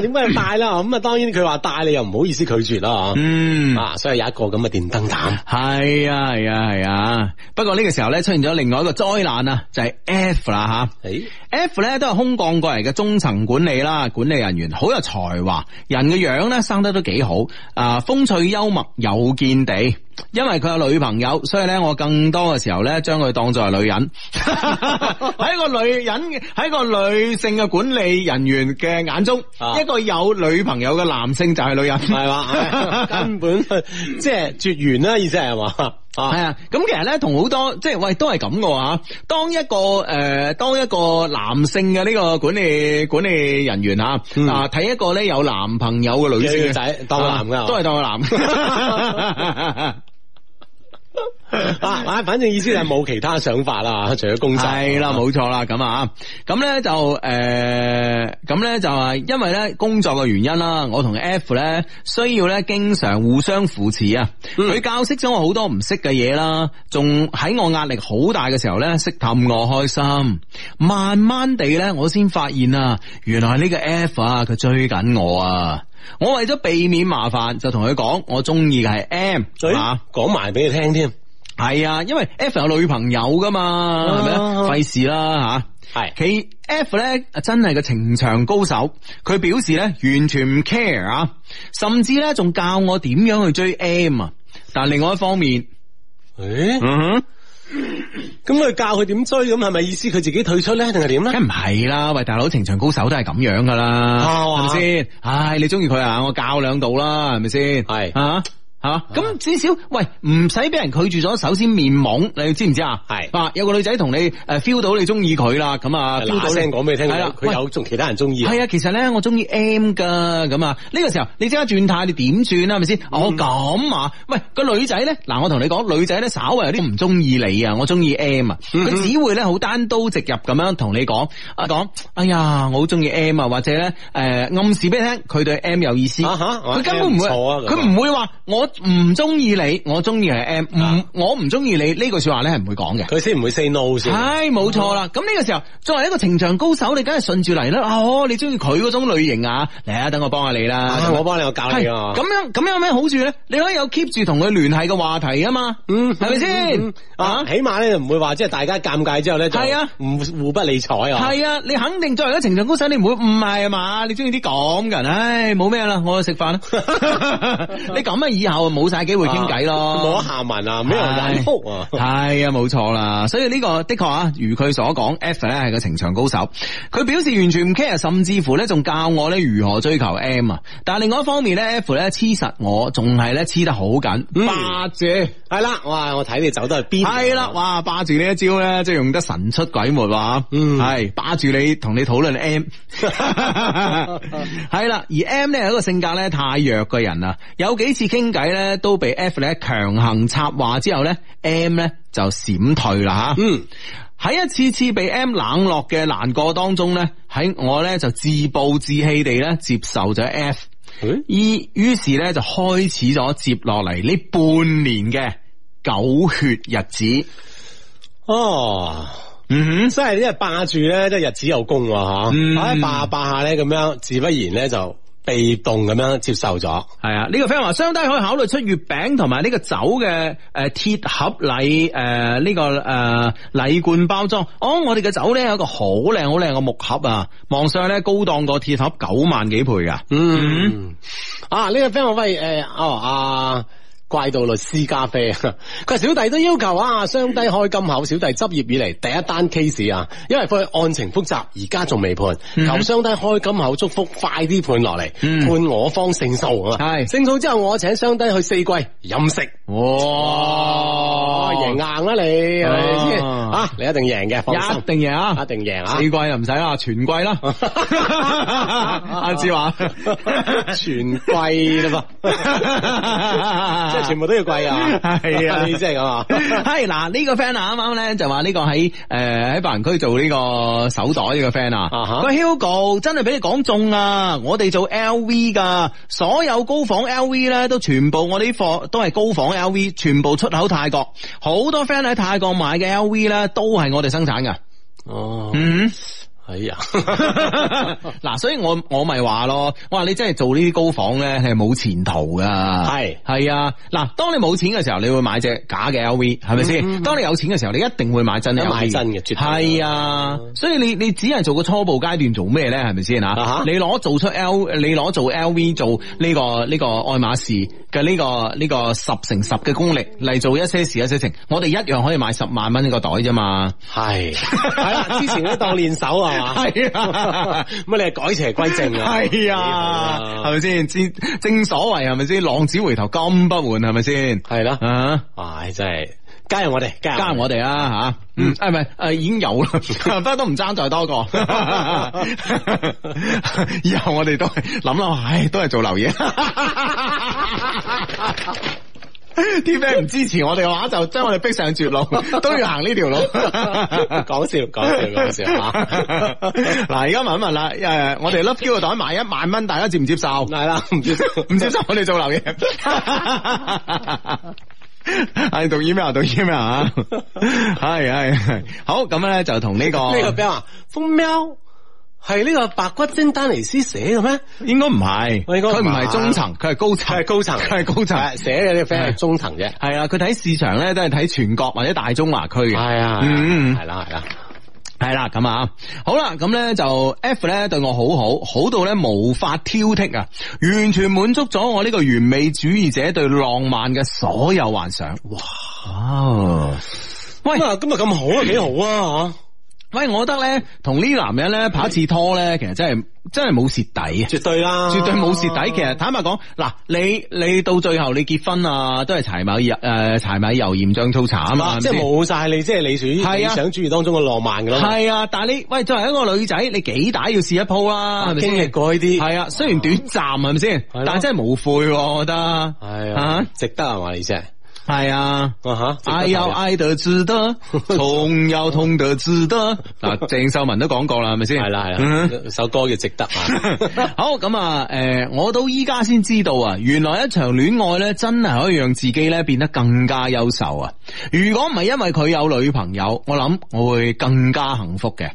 點解要帶啦？咁啊，當然佢話帶你又唔好意思拒絕啦。嗯啊，所以有一個咁嘅電燈膽。係啊，係啊，係啊，啊。不過呢個時候咧，出現咗另外一個災難啊，就係、是、F 啦吓。誒，F 咧都係空降過嚟嘅中層管理啦，管理人員好有才華，人嘅樣咧生得都幾好啊。風趣幽默有見地，因為佢有女朋友，所以咧我更多嘅時候咧將佢當作係女人。喺 個女人，喺個女性嘅管理人員嘅眼中，啊，一個有女朋友嘅男性就係女人，係 嘛？根本即係絕緣啦，意思係話？啊，係啊，咁其實咧，同好多即係，喂，都係咁噶吓。當一個誒、呃，當一個男性嘅呢個管理管理人員吓，啊、嗯，睇一個咧有男朋友嘅女性嘅仔，當個男噶、啊，都係當個男。 啊，反正意思就係冇其他想法啦，除咗公仔啦，冇錯啦，咁啊，咁咧就誒，咁、呃、咧就因為咧工作嘅原因啦，我同 F 咧需要咧經常互相扶持啊，佢、嗯、教識咗我好多唔識嘅嘢啦，仲喺我壓力好大嘅時候咧，識氹我開心，慢慢地咧，我先發現啊，原來呢個 F 啊，佢追緊我啊。我為咗避免麻煩，就同佢講我中意嘅係 M，吓，講埋俾佢聽添。係啊，因為 F 有女朋友噶嘛，係咪啊？費事啦，吓。係、啊、佢 F 咧真係個情場高手，佢表示咧完全唔 care 啊，甚至咧仲教我點樣去追 M 啊。但另外一方面，誒、欸，嗯哼。咁佢教佢點追，咁係咪意思佢自己退出咧，定係點咧？梗唔係啦，喂大佬，情場高手都係咁樣噶啦，係咪先？唉、啊啊，你中意佢啊，我教兩度啦，係咪先？係啊。吓、啊、咁至少喂唔使俾人拒絕咗。首先面懵，你知唔知啊？係，有個女仔同你誒 feel 到你中意佢啦。咁啊，feel 到聲講俾你聽？係啦，佢有仲其他人中意。係啊，其實咧我中意 M 噶咁啊。呢、這個時候你即刻轉態，你點轉啊？係咪先？我咁啊？喂，那個女仔咧嗱，我同你講，女仔咧稍為有啲唔中意你啊，我中意 M 啊、嗯。佢只會咧好單刀直入咁樣同你講，講、啊、哎呀我好中意 M 啊，或者咧誒、呃、暗示俾你聽佢對 M 有意思。佢、啊啊、根本唔會，佢唔、啊、會話我。唔中意你，我中意係 M，我唔中意你呢句話說話咧係唔會講嘅，佢先唔會 say no 先、哎。係冇錯啦，咁呢個時候作為一個情場高手，你梗係順住嚟啦。哦，你中意佢嗰種類型啊？嚟啊，等我幫下你啦。我幫你，我教你、啊。咁樣咁樣有咩好處咧？你可以有 keep 住同佢聯繫嘅話題啊嘛。嗯 不是，係咪先？啊，起碼咧唔會話即係大家尷尬之後咧，係啊，唔互不理睬啊。係啊，你肯定作為一個情場高手，你唔會唔係嘛？你中意啲咁嘅人，唉、哎，冇咩啦，我去食飯啦。 你咁啊，以後。冇晒機會傾偈咯，冇得下文啊！咩嚟嘅？係啊，冇錯啦。所以呢個的確啊，如佢所講，F 咧係個情場高手。佢表示完全唔 care，甚至乎咧仲教我咧如何追求 M 啊。但係另外一方面咧，F 咧黐實我，仲係咧黐得好緊，霸住係啦。哇，我睇你走得係邊？係啦，哇，霸住呢一招咧，即係用得神出鬼沒啊！嗯，係霸住你，同你討論 M。係啦，而 M 咧係一個性格咧太弱嘅人啊，有幾次傾偈。咧都被 F 咧強行插話之後咧，M 咧就閃退啦吓。嗯，喺一次次被 M 冷落嘅難過當中咧，喺我咧就自暴自棄地咧接受咗 F、嗯。依於是咧就開始咗接落嚟呢半年嘅狗血日子。哦，嗯哼，真係呢日霸住咧，即係日子有功啊吓。嗯，喺霸下霸下咧咁樣，自不然咧就。被動咁樣接受咗，係啊！呢、這個 friend 話，相當可以考慮出月餅同埋呢個酒嘅誒鐵盒禮誒呢個誒禮、呃、罐包裝。哦，我哋嘅酒咧有一個好靚好靚嘅木盒啊，望上去咧高檔過鐵盒九萬幾倍噶、嗯。嗯，啊呢、這個 friend 喂誒哦啊。呃呃呃怪到律師咖啡，佢小弟都要求啊，雙低開金口，小弟執業以嚟第一單 case 啊，因為佢案情複雜，而家仲未判，求、嗯、雙低開金口，祝福快啲判落嚟、嗯，判我方勝訴、啊。係勝訴之後，我請雙低去四季飲食，哇、哦、贏、哦、硬啦、啊、你、哦你，啊，你一定贏嘅，一定贏、啊，一定贏、啊啊啊，四季又唔使啊，全季啦，阿志話全季啦的噃。 全部都要貴啊！係啊，是啊 是意思是，即係咁啊！係、呃、嗱，呢個 friend 啊，啱啱咧就話呢個喺誒喺白雲區做呢個手袋呢個 friend 啊，個 Hugo 真係俾你講中啊！我哋做 LV 噶，所有高仿 LV 咧都全部我啲貨都係高仿 LV，全部出口泰國，好多 friend 喺泰國買嘅 LV 咧都係我哋生產噶。哦、啊。嗯。
係
啊，嗱， 所以我我咪話咯，我話你真係做呢啲高仿咧，係冇前途噶。係係啊，嗱，當你冇錢嘅時候，你會買隻假嘅 LV，係咪先？當你有錢嘅時候，你一定會買真嘅，買真嘅，係啊。所以你你只係做個初步階段，做咩咧？係咪先啊？你攞做出 L，你攞做 LV 做呢、這個呢、這個愛馬仕。嘅呢個呢個十成十嘅功力嚟，做一些事一些情，我哋一樣可以買十萬蚊呢個袋啫嘛。係，係啦，之前都當練手啊。係，啊，乜 你係改邪歸正啊？係啊，係咪先？正正所謂係咪先，浪子回頭金不換，係咪先？係啦，啊，啊，唉，啊，真係。加入我哋，加入我哋啊吓，嗯，係咪，誒已經有啦，大 都唔爭，再多個， 以後我哋都係諗諗，唉，都係做流嘢。啲咩唔支持我哋嘅話，就將我哋逼上絕路， 都要行呢條路。 講笑，講笑，講笑吓。嗱，而家問一問啦，誒， 我哋拎飄個袋賣一萬蚊，大家接唔接受？係啦，唔接受，唔接受，我哋做流嘢。係 讀 email 讀 email、 這個、 啊，係係係好咁咧就同呢個呢個 friend 啊，風喵係呢個白骨精丹尼斯寫嘅咩？應該唔係，佢唔係中層，佢係高層，係高層，佢係高層寫嘅呢個 friend 係中層嘅，係啊，佢睇市場咧都係睇全國或者大中華區嘅。係啊，嗯，係啦、啊，係啦、啊。係啦，咁啊，好啦，咁咧就 F 咧對我好好，好到咧無法挑剔啊，完全滿足咗我呢個完美主義者，對浪漫嘅所有幻想。哇！哇喂，今日咁好，好啊，幾好啊吓？喂，我覺得咧，同呢男人咧拍一次拖咧，其實真係。真係冇蝕底啊！絕對啦，絕對冇蝕底。其實坦白講，嗱，你你到最後你結婚啊，都係柴米油誒、呃，柴米油鹽醬醋茶啊嘛，啊是是即係冇晒你即係你屬於理想主義當中嘅浪漫㗎咯。係啊，啊，但係你喂，作為一個女仔，你幾大要試一鋪啦、啊啊，經歷過呢啲係啊，雖然短暫係咪先？但係真係冇悔、啊，我覺得係啊，啊，啊，值得係嘛你先係啊，愛又愛得值得，痛又痛得值得。嗱，鄭秀文都講過啦，係咪先？係啦、啊，係啦、啊。首歌嘅《值得》啊。 好，咁啊，誒，我到依家先知道啊，原來一場戀愛咧，真係可以讓自己咧變得更加優秀啊。如果唔係因為佢有女朋友，我諗我會更加幸福嘅。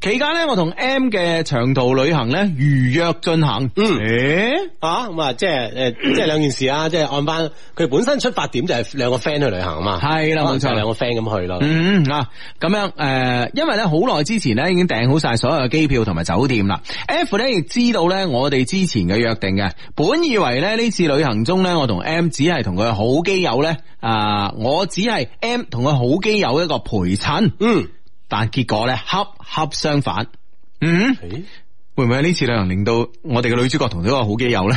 期間咧，我同 M 嘅長途旅行咧如約進行。嗯、欸，啊？咁啊，即係誒，即係兩件事啊，即係按翻佢本身出發點就係兩個 friend 去旅行啊嘛。係啦，冇錯，兩個 friend 咁去咯。嗯，啊，咁樣誒、呃，因為咧好耐之前咧已經訂好晒所有嘅機票同埋酒店啦。F 咧亦知道咧我哋之前嘅約定嘅，本以為咧呢次旅行中咧我同 M 只係同佢好基友咧，啊、呃，我只係 M 同佢好基友一個陪襯。嗯。但結果咧恰恰相反，嗯，欸、會唔會呢次旅行令到我哋嘅女主角同呢個好基友咧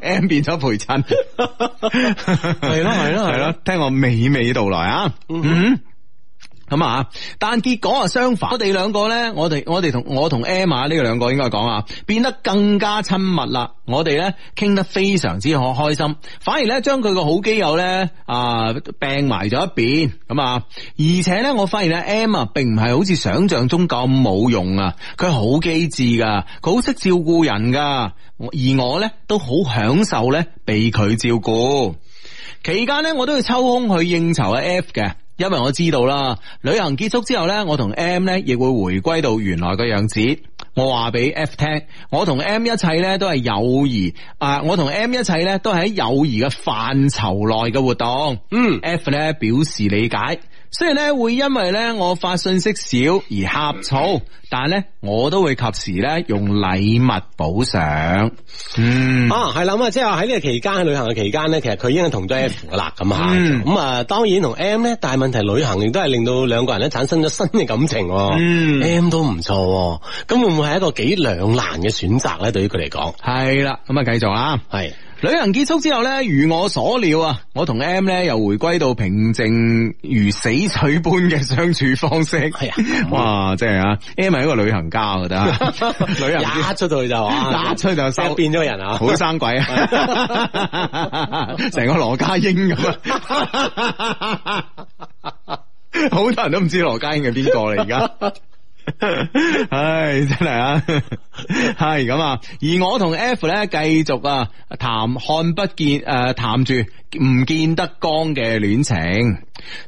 ？M 變咗成陪襯， 係咯係咯係咯，聽我娓娓道來啊！嗯。嗯嗯咁啊，但結果啊相反，我哋兩個咧，我哋我哋同我同 M 啊呢個兩個應該講啊，變得更加親密啦。我哋咧傾得非常之可開心，反而咧將佢個好基友咧啊病埋咗一邊咁啊，而且咧我發現阿 M 啊，並唔係好似想象中咁冇用啊，佢好機智噶，佢好識照顧人噶，而我咧都好享受咧被佢照顧。期間咧，我都要抽空去應酬阿 F 嘅。因為我知道啦，旅行結束之後咧，我同 M 咧亦會回歸到原來個樣子。我話俾 F 聽，我同 M 一切咧都係友誼啊，我同 M 一切咧都係喺友誼嘅範疇內嘅活動。嗯，F 咧表示理解。雖然咧會因為咧我發信息少而呷醋，但係咧我都會及時咧用禮物補償。嗯，啊係啦咁啊，即係話喺呢個期間喺旅行嘅期間咧，其實佢已經係同咗 F 啦咁吓，咁、嗯、啊當然同 M 咧，但係問題旅行亦都係令到兩個人咧產生咗新嘅感情。嗯，M 都唔錯，咁會唔會係一個幾兩難嘅選擇咧？對於佢嚟講，係啦，咁啊繼續啊，係。旅行結束之後咧，如我所料啊，我同 M 咧又回歸到平靜如死水般嘅相處方式。嘩，啊，哇，真係啊，M 係一個旅行家，我覺得。 旅行一出到去就，一出去就變咗個人啊，好生鬼啊，成 個羅家英咁啊，好 多人都唔知羅家英係邊個嚟而家。唉、 哎，真係啊，係咁啊。而我同 F 呢，繼續啊談看不見誒談住唔見得光嘅戀情。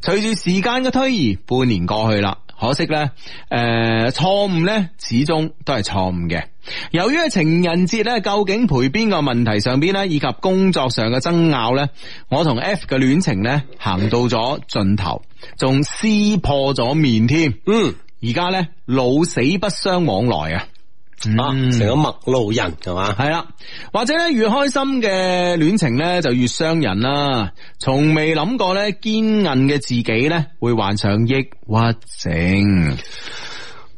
隨住時間嘅推移，半年過去啦。可惜呢，誒錯誤呢始終都係錯誤嘅。由於情人節呢，究竟陪邊個問題上邊呢，以及工作上嘅爭拗呢，我同 F 嘅戀情呢，行到咗盡頭，仲撕破咗面添。嗯。而家咧，老死不相往來啊，啊，成咗陌路人係嘛？係啦，或者咧，越開心嘅戀情咧，就越傷人啦。從未諗過咧，堅韌嘅自己咧，會患上抑鬱症。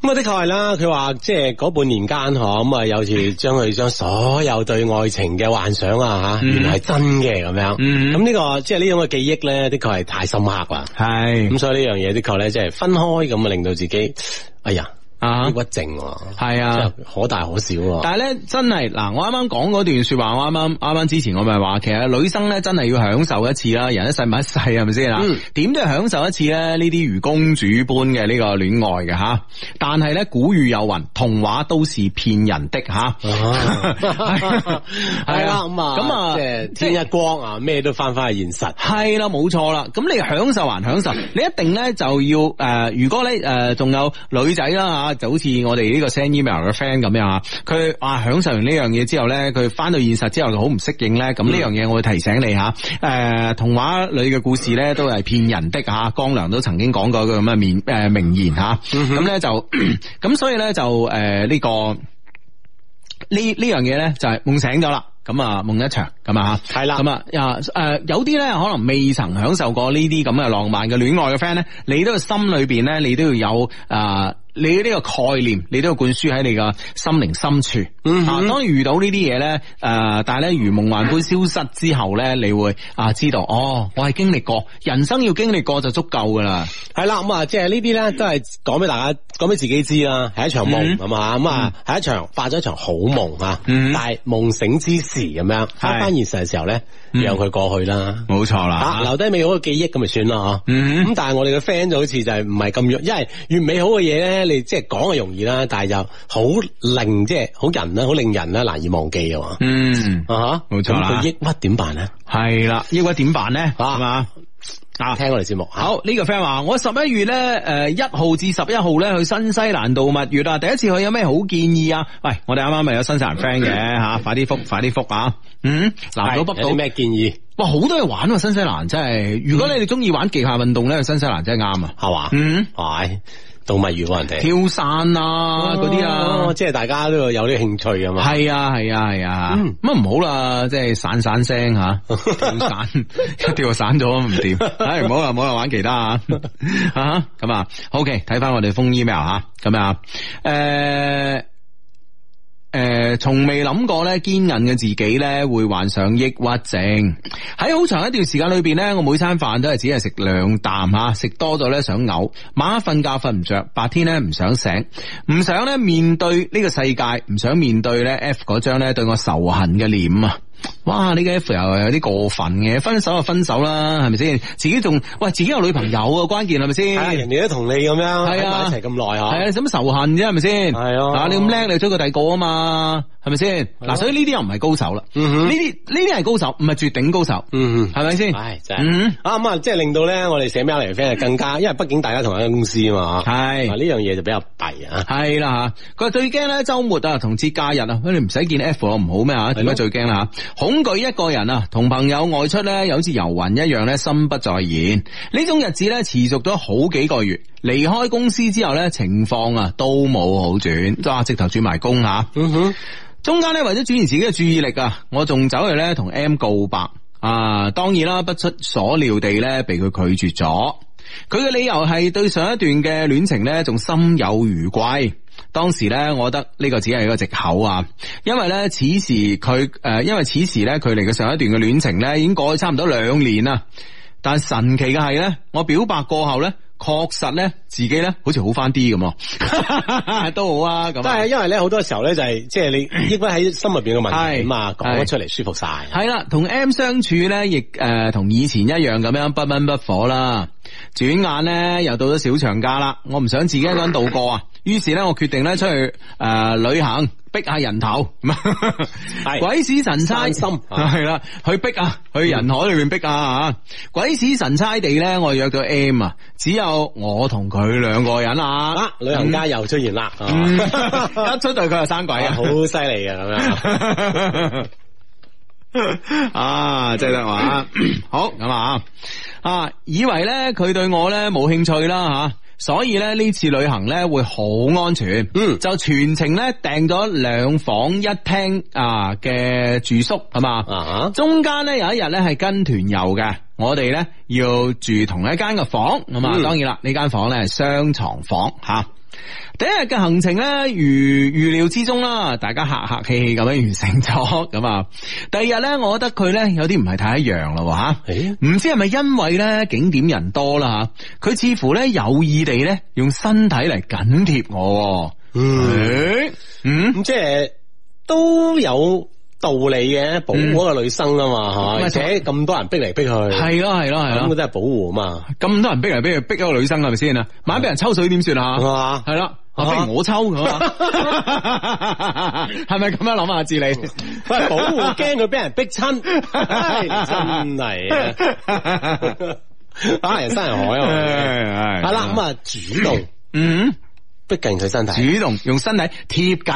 咁啊，的確係啦，佢話即係嗰半年間嗬，咁啊有時將佢將所有對愛情嘅幻想啊吓，原來係真嘅咁樣。咁、嗯、呢、這個即係呢種嘅記憶咧，的確係太深刻啦。係，咁所以呢樣嘢的確咧，即係分開咁啊，令到自己，哎呀。啊！抑鬱症係啊，啊可大可小、啊。但係咧，真係嗱、啊，我啱啱講嗰段說話，我啱啱啱啱之前我咪話，其實女生咧真係要享受一次啦，人一世物一世係咪先啦？點都係享受一次咧？呢啲如公主般嘅呢個戀愛嘅吓、啊。但係咧，古語有云，童話都是騙人的吓。係啦，咁啊，咁啊， 啊嗯嗯嗯嗯、即係天一光啊，咩都翻翻去現實。係啦、啊，冇錯啦。咁你享受還享受？ 你一定咧就要誒、呃，如果咧誒，仲、呃、有女仔啦吓。啊就好似我哋呢個 send email 嘅 friend 咁樣，佢啊享受完呢樣嘢之後咧，佢翻到現實之後就好唔適應咧。咁呢樣嘢我會提醒你吓，誒、啊、童話裏嘅故事咧都係騙人的吓。江良都曾經講過個咁嘅名誒名言吓，咁、嗯、咧就咁，所以咧就誒呢、啊這個呢呢樣嘢咧就係夢醒咗啦。咁啊夢一場咁啊吓，係啦咁啊啊誒有啲咧可能未曾享受過呢啲咁嘅浪漫嘅戀愛嘅 friend 咧，你都係心裏邊咧你都要有、啊你呢個概念，你都要灌輸喺你個心靈深處、嗯。啊，當遇到呢啲嘢咧，誒、呃，但係咧如夢幻般消失之後咧，你會啊知道，哦，我係經歷過，人生要經歷過就足夠噶啦。係、嗯、啦，咁、嗯、啊，即係呢啲咧都係講俾大家，講俾自己知啦，係、嗯、一場夢咁啊，咁啊，係一場發咗一場好夢啊、嗯，但係夢醒之時咁樣翻翻現實嘅時候咧，讓、嗯、佢過去、嗯、沒錯啦，冇錯啦，留低美好嘅記憶咁咪算咯嗬。咁、嗯嗯、但係我哋嘅 friend 就好似就係唔係咁願，因為越美好嘅嘢咧。即係講啊容易啦，但係就好令即係好人啦，好令人啦，難以忘記㗎嘛。嗯啊吓，冇錯啦抑呢。咁抑鬱點辦咧？係、啊、啦，抑鬱點辦咧？吓嘛啊，聽我哋節目。好呢、啊呢個 friend 話，我十一月咧誒一號至十一號咧去新西蘭度蜜月啦，第一次去有咩好建議啊？喂，我哋啱啱咪有新西蘭 friend 嘅吓，快啲復，快啲復啊！嗯，南島北島咩建議？哇，好多嘢玩啊！新西蘭真係，如果你哋中意玩極限運動咧，新西蘭真係啱啊，係嘛？嗯，係、啊。嗯哎做物月幫人哋跳傘啊，嗰、哦、啲啊，哦、即係大家都有啲興趣啊嘛。係啊，係啊，係啊。咁啊唔好啦，即、就、係、是、散散聲吓， 一跳散， 一跳就散咗唔掂。唉，唔好啦，唔好啦，玩其他吓，吓 咁啊。好嘅，睇、okay, 翻我哋封 email 吓，咁啊，誒。欸誒、呃，從未諗過咧，堅韌嘅自己咧會患上抑鬱症。喺好長一段時間裏邊咧，我每餐飯都係只係食兩啖吓，食多咗咧想嘔，晚黑瞓覺瞓唔着，白天咧唔想醒，唔想咧面對呢個世界，唔想面對咧 F 嗰張咧對我仇恨嘅臉啊！哇！呢個 F 又有啲過分嘅，分手就分手啦，係咪先？自己仲喂，自己有女朋友啊，關鍵係咪先？係係啊，人哋都同你咁樣，係啊，一齊咁耐啊，係啊，使乜仇恨啫，係咪先？係啊，嗱，啊，你咁叻，你追過第個啊嘛。係咪先？嗱，所以呢啲又唔係高手啦。呢啲呢啲係高手，唔係絕頂高手。嗯是是嗯，係咪先？係真係。咁啊，即係令到咧，我哋寫咩嚟飛更加，因為畢竟大家同一間公司啊嘛。係。呢樣嘢就比較弊啊。係啦吓，佢話最驚咧周末啊同節假日啊，佢哋唔使見 F 唔好咩啊？點解最驚啦？恐懼一個人啊，同朋友外出咧，又好似遊魂一樣咧，心不在焉。呢種日子咧持續咗好幾個月。離開公司之後咧，情況啊都冇好轉，就直頭轉埋工吓。嗯中間咧，為咗轉移自己嘅注意力啊，我仲走去咧同 M 告白啊。當然啦，不出所料地咧，被佢拒絕咗。佢嘅理由係對上一段嘅戀情咧，仲心有餘悸。當時咧，我覺得呢個只係一個藉口啊，因為咧，此時佢誒，因為此時咧，佢離佢上一段嘅戀情咧，已經過去了差唔多兩年啦。但神奇嘅係咧，我表白過後咧。確實咧，自己咧好似好翻啲咁啊，都 好啊，咁。但係因為咧，好多時候咧就係即係你應該喺心入邊嘅問題嘛，咁啊講咗出嚟舒服晒。係啦，同 M 相處咧，亦誒同、呃、以前一樣咁樣不溫不火啦。轉眼咧又到咗小長假啦，我唔想自己一個人度過啊，於是咧我決定咧出去誒、呃、旅行，逼下人頭， 鬼使神差，係啦、啊、去逼啊，去人海裏邊逼啊吓，鬼使神差地咧，我約咗 M 啊，只有我同佢兩個人啊，啊，旅行家又出現啦，一、嗯啊啊、 出對佢就生鬼、啊啊， 好犀利啊！咁樣，啊即係嘛，好咁啊。啊，以為咧佢對我咧冇興趣啦吓，所以咧呢次旅行咧會好安全，嗯，就全程咧訂咗兩房一廳啊嘅住宿係嘛，啊，中間咧有一日咧係跟團遊嘅，我哋咧要住同一間嘅房，咁啊，當然啦，呢間房咧係雙床房吓。第一日嘅行程咧，如預料之中啦，大家客客氣氣咁樣完成咗咁啊。第二日咧，我覺得佢咧有啲唔係太一樣啦吓，欸，唔知係咪因為咧景點人多啦吓，佢似乎咧有意地咧用身體嚟緊貼我，嗯嗯，即係都有。道理嘅保護嗰個女生啊嘛吓，係咪？而且咁多人逼嚟逼去，係咯係咯係咯，咁都係保護啊嘛。咁多人逼嚟逼去，逼一個女生係咪先啊？萬一俾人抽水點算啊？係啦，啊逼我抽咁啊？係咪咁樣諗下？志利！ 保護驚佢俾人逼親，真係啊！打人山人海，係啦咁啊，主動嗯。逼近佢身體主動用身體貼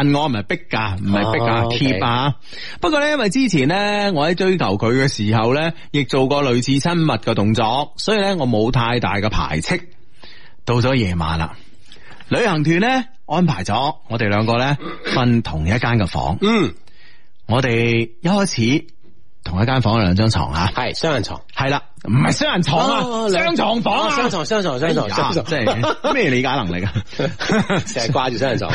近我，唔係逼噶，唔係逼噶，貼啊！不、oh, okay. 不過咧，因為之前咧，我喺追求佢嘅時候咧，亦做過類似親密嘅動作，所以咧，我冇太大嘅排斥。到咗夜晚啦，旅行團咧安排咗我哋兩個咧瞓同一間嘅房。嗯、mm.，我哋一開始。同一間房兩張床吓、啊，係雙人床，係啦，唔係雙人床啊，雙床，床房啊，雙床雙床雙床，即係咩理解能力啊？成日掛住雙人床，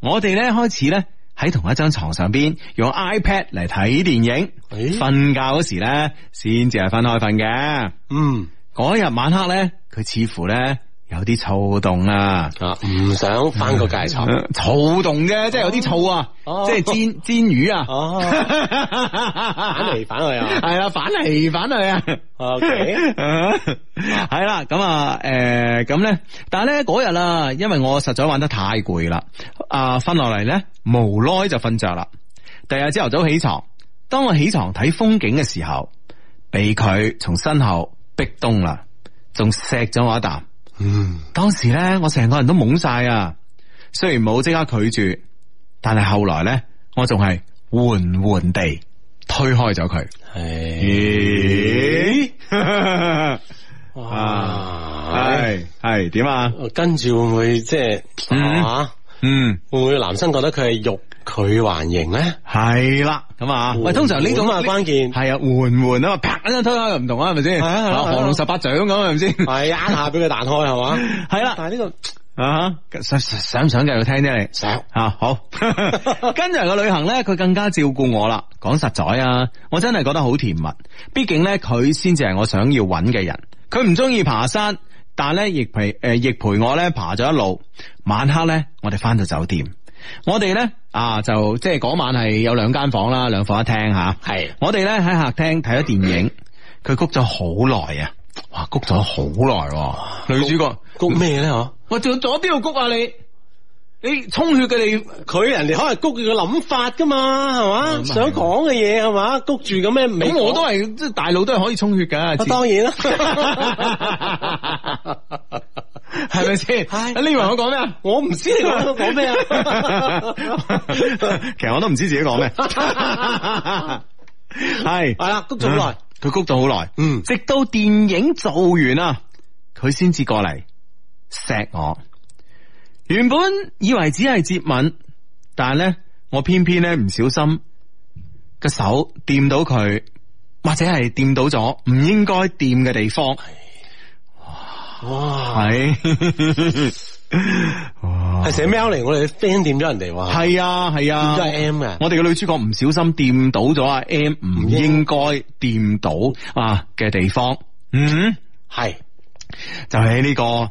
我哋咧開始咧喺同一張床上邊用 iPad 嚟睇電影，瞓、欸、覺嗰時咧先至係分開瞓嘅。嗯，嗰日晚黑咧，佢似乎咧。有啲躁動啊，唔、啊、想翻個界床躁動啫，即係有啲躁啊，哦、即係煎煎魚啊，哦哦、 反嚟反去啊，係啦，反嚟反去啊，OK，係啦，咁啊，誒，咁咧、呃，但係咧嗰日啦，因為我實在玩得太攰啦，啊、呃，瞓落嚟咧，無奈就瞓着啦。第二日朝頭早起床，當我起床睇風景嘅時候，俾佢從身後壁咚啦，仲錫咗我一啖。嗯，當時咧，我成個人都懵晒啊！雖然冇即刻拒絕，但係後來咧，我仲係緩緩地推開咗佢。係、欸，係係點啊？跟住會唔會即係吓。嗯，會唔會男生覺得佢係肉，佢還型咧？係啦，咁啊，喂，通常呢種啊關鍵係啊，換唔換啊？啪一推開又唔同是是啊，係咪先？啊，降龍十八掌咁係咪先？係啊，下畀佢彈開係嘛？係啦，但係呢個啊想唔想繼續聽呢？想吓好，跟住個旅行咧，佢更加照顧我啦。講實在啊，我真係覺得好甜蜜。畢竟咧，佢先至係我想要揾嘅人，佢唔中意爬山。但咧亦陪誒亦陪我咧爬咗一路。晚黑咧我哋翻到酒店，我哋咧啊就即係嗰晚係有兩間房啦，兩房一廳吓。係我哋咧喺客廳睇咗電影，佢谷咗好耐啊！哇，谷咗好耐，女主角谷咩咧？吓，我仲咗邊度谷啊你。你充血嘅，你佢人哋可能谷、嗯嗯嗯、谷住個諗法噶嘛，係嘛想講嘅嘢，係嘛谷住咁咩？咁我都係即係大腦都係可以充血噶，嗯，當然啦， 係咪先？你以為我講咩啊？我唔知你講咩啊？ 其實我都唔知自己講咩。 係係啦，谷咗好耐，佢，嗯、谷咗好耐，嗯，直到電影做完啊，佢先至過嚟錫我。原本以為只係接吻，但係咧我偏偏咧唔小心個手掂到佢，或者係掂到咗唔應該掂嘅地方。哇！係哇！係寫 Mail 嚟，我哋 friend 掂咗人哋話係啊係啊，都係 M 啊。我哋嘅女主角唔小心掂到咗啊 M，唔應該掂到啊嘅地方。嗯，係就喺呢個。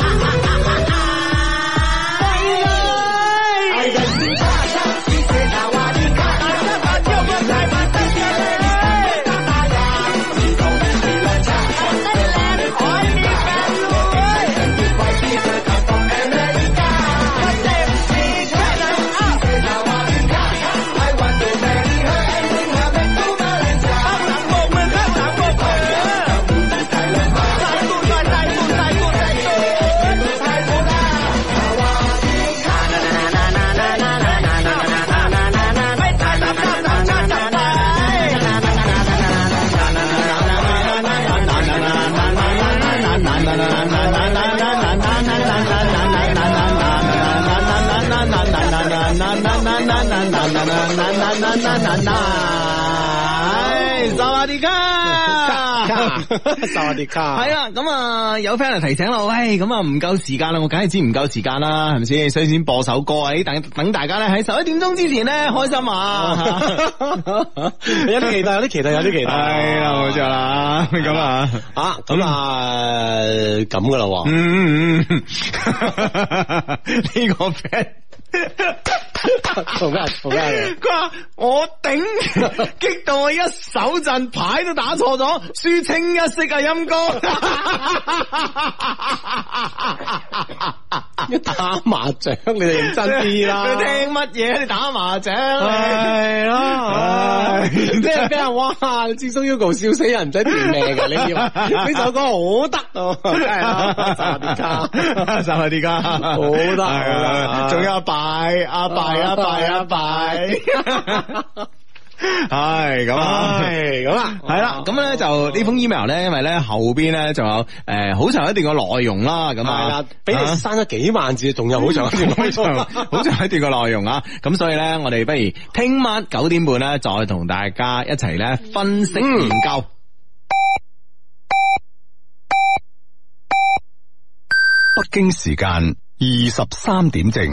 s 係啦，咁啊有 friend 提醒我，喂，咁啊唔夠時間啦，我梗係知唔夠時間啦，係咪先？所以先播首歌，等等大家咧喺十一點鐘之前咧開心啊！ 有啲期待，有啲期待，有啲期待啦，冇錯啦，咁啊，啊，啊，咁啊咁噶啦，嗯嗯嗯，呢、嗯、 個 friend 朋。 同邊佢話我頂，激到我一手陣牌都打錯咗，輸清一色啊！音哥， 一打麻雀你哋認真啲啦、就是。你聽乜嘢？你打麻雀，係 咯對啦？啲人啲人哇，之中 Ugo 笑死對人啦，唔使條命嘅。呢呢首歌好得啊！十下啲卡，十下啲卡，好得。仲有阿伯，阿伯。係啊，拜啊， 拜、like, like. 係咁啦，咁啦，係啦，咁咧就呢封 email 咧，因為咧後邊咧仲有誒好、呃、長一段嘅內容啦。咁係啦，俾、啊、你刪咗幾萬字，仲、嗯、有好長，長，長， 長，長一段，好長好長一段嘅內容啊！咁所以咧，我哋不如聽晚九點半咧，再同大家一齊咧分析研究。Mm-hmm. 嗯、音響北京時間二十
三點正。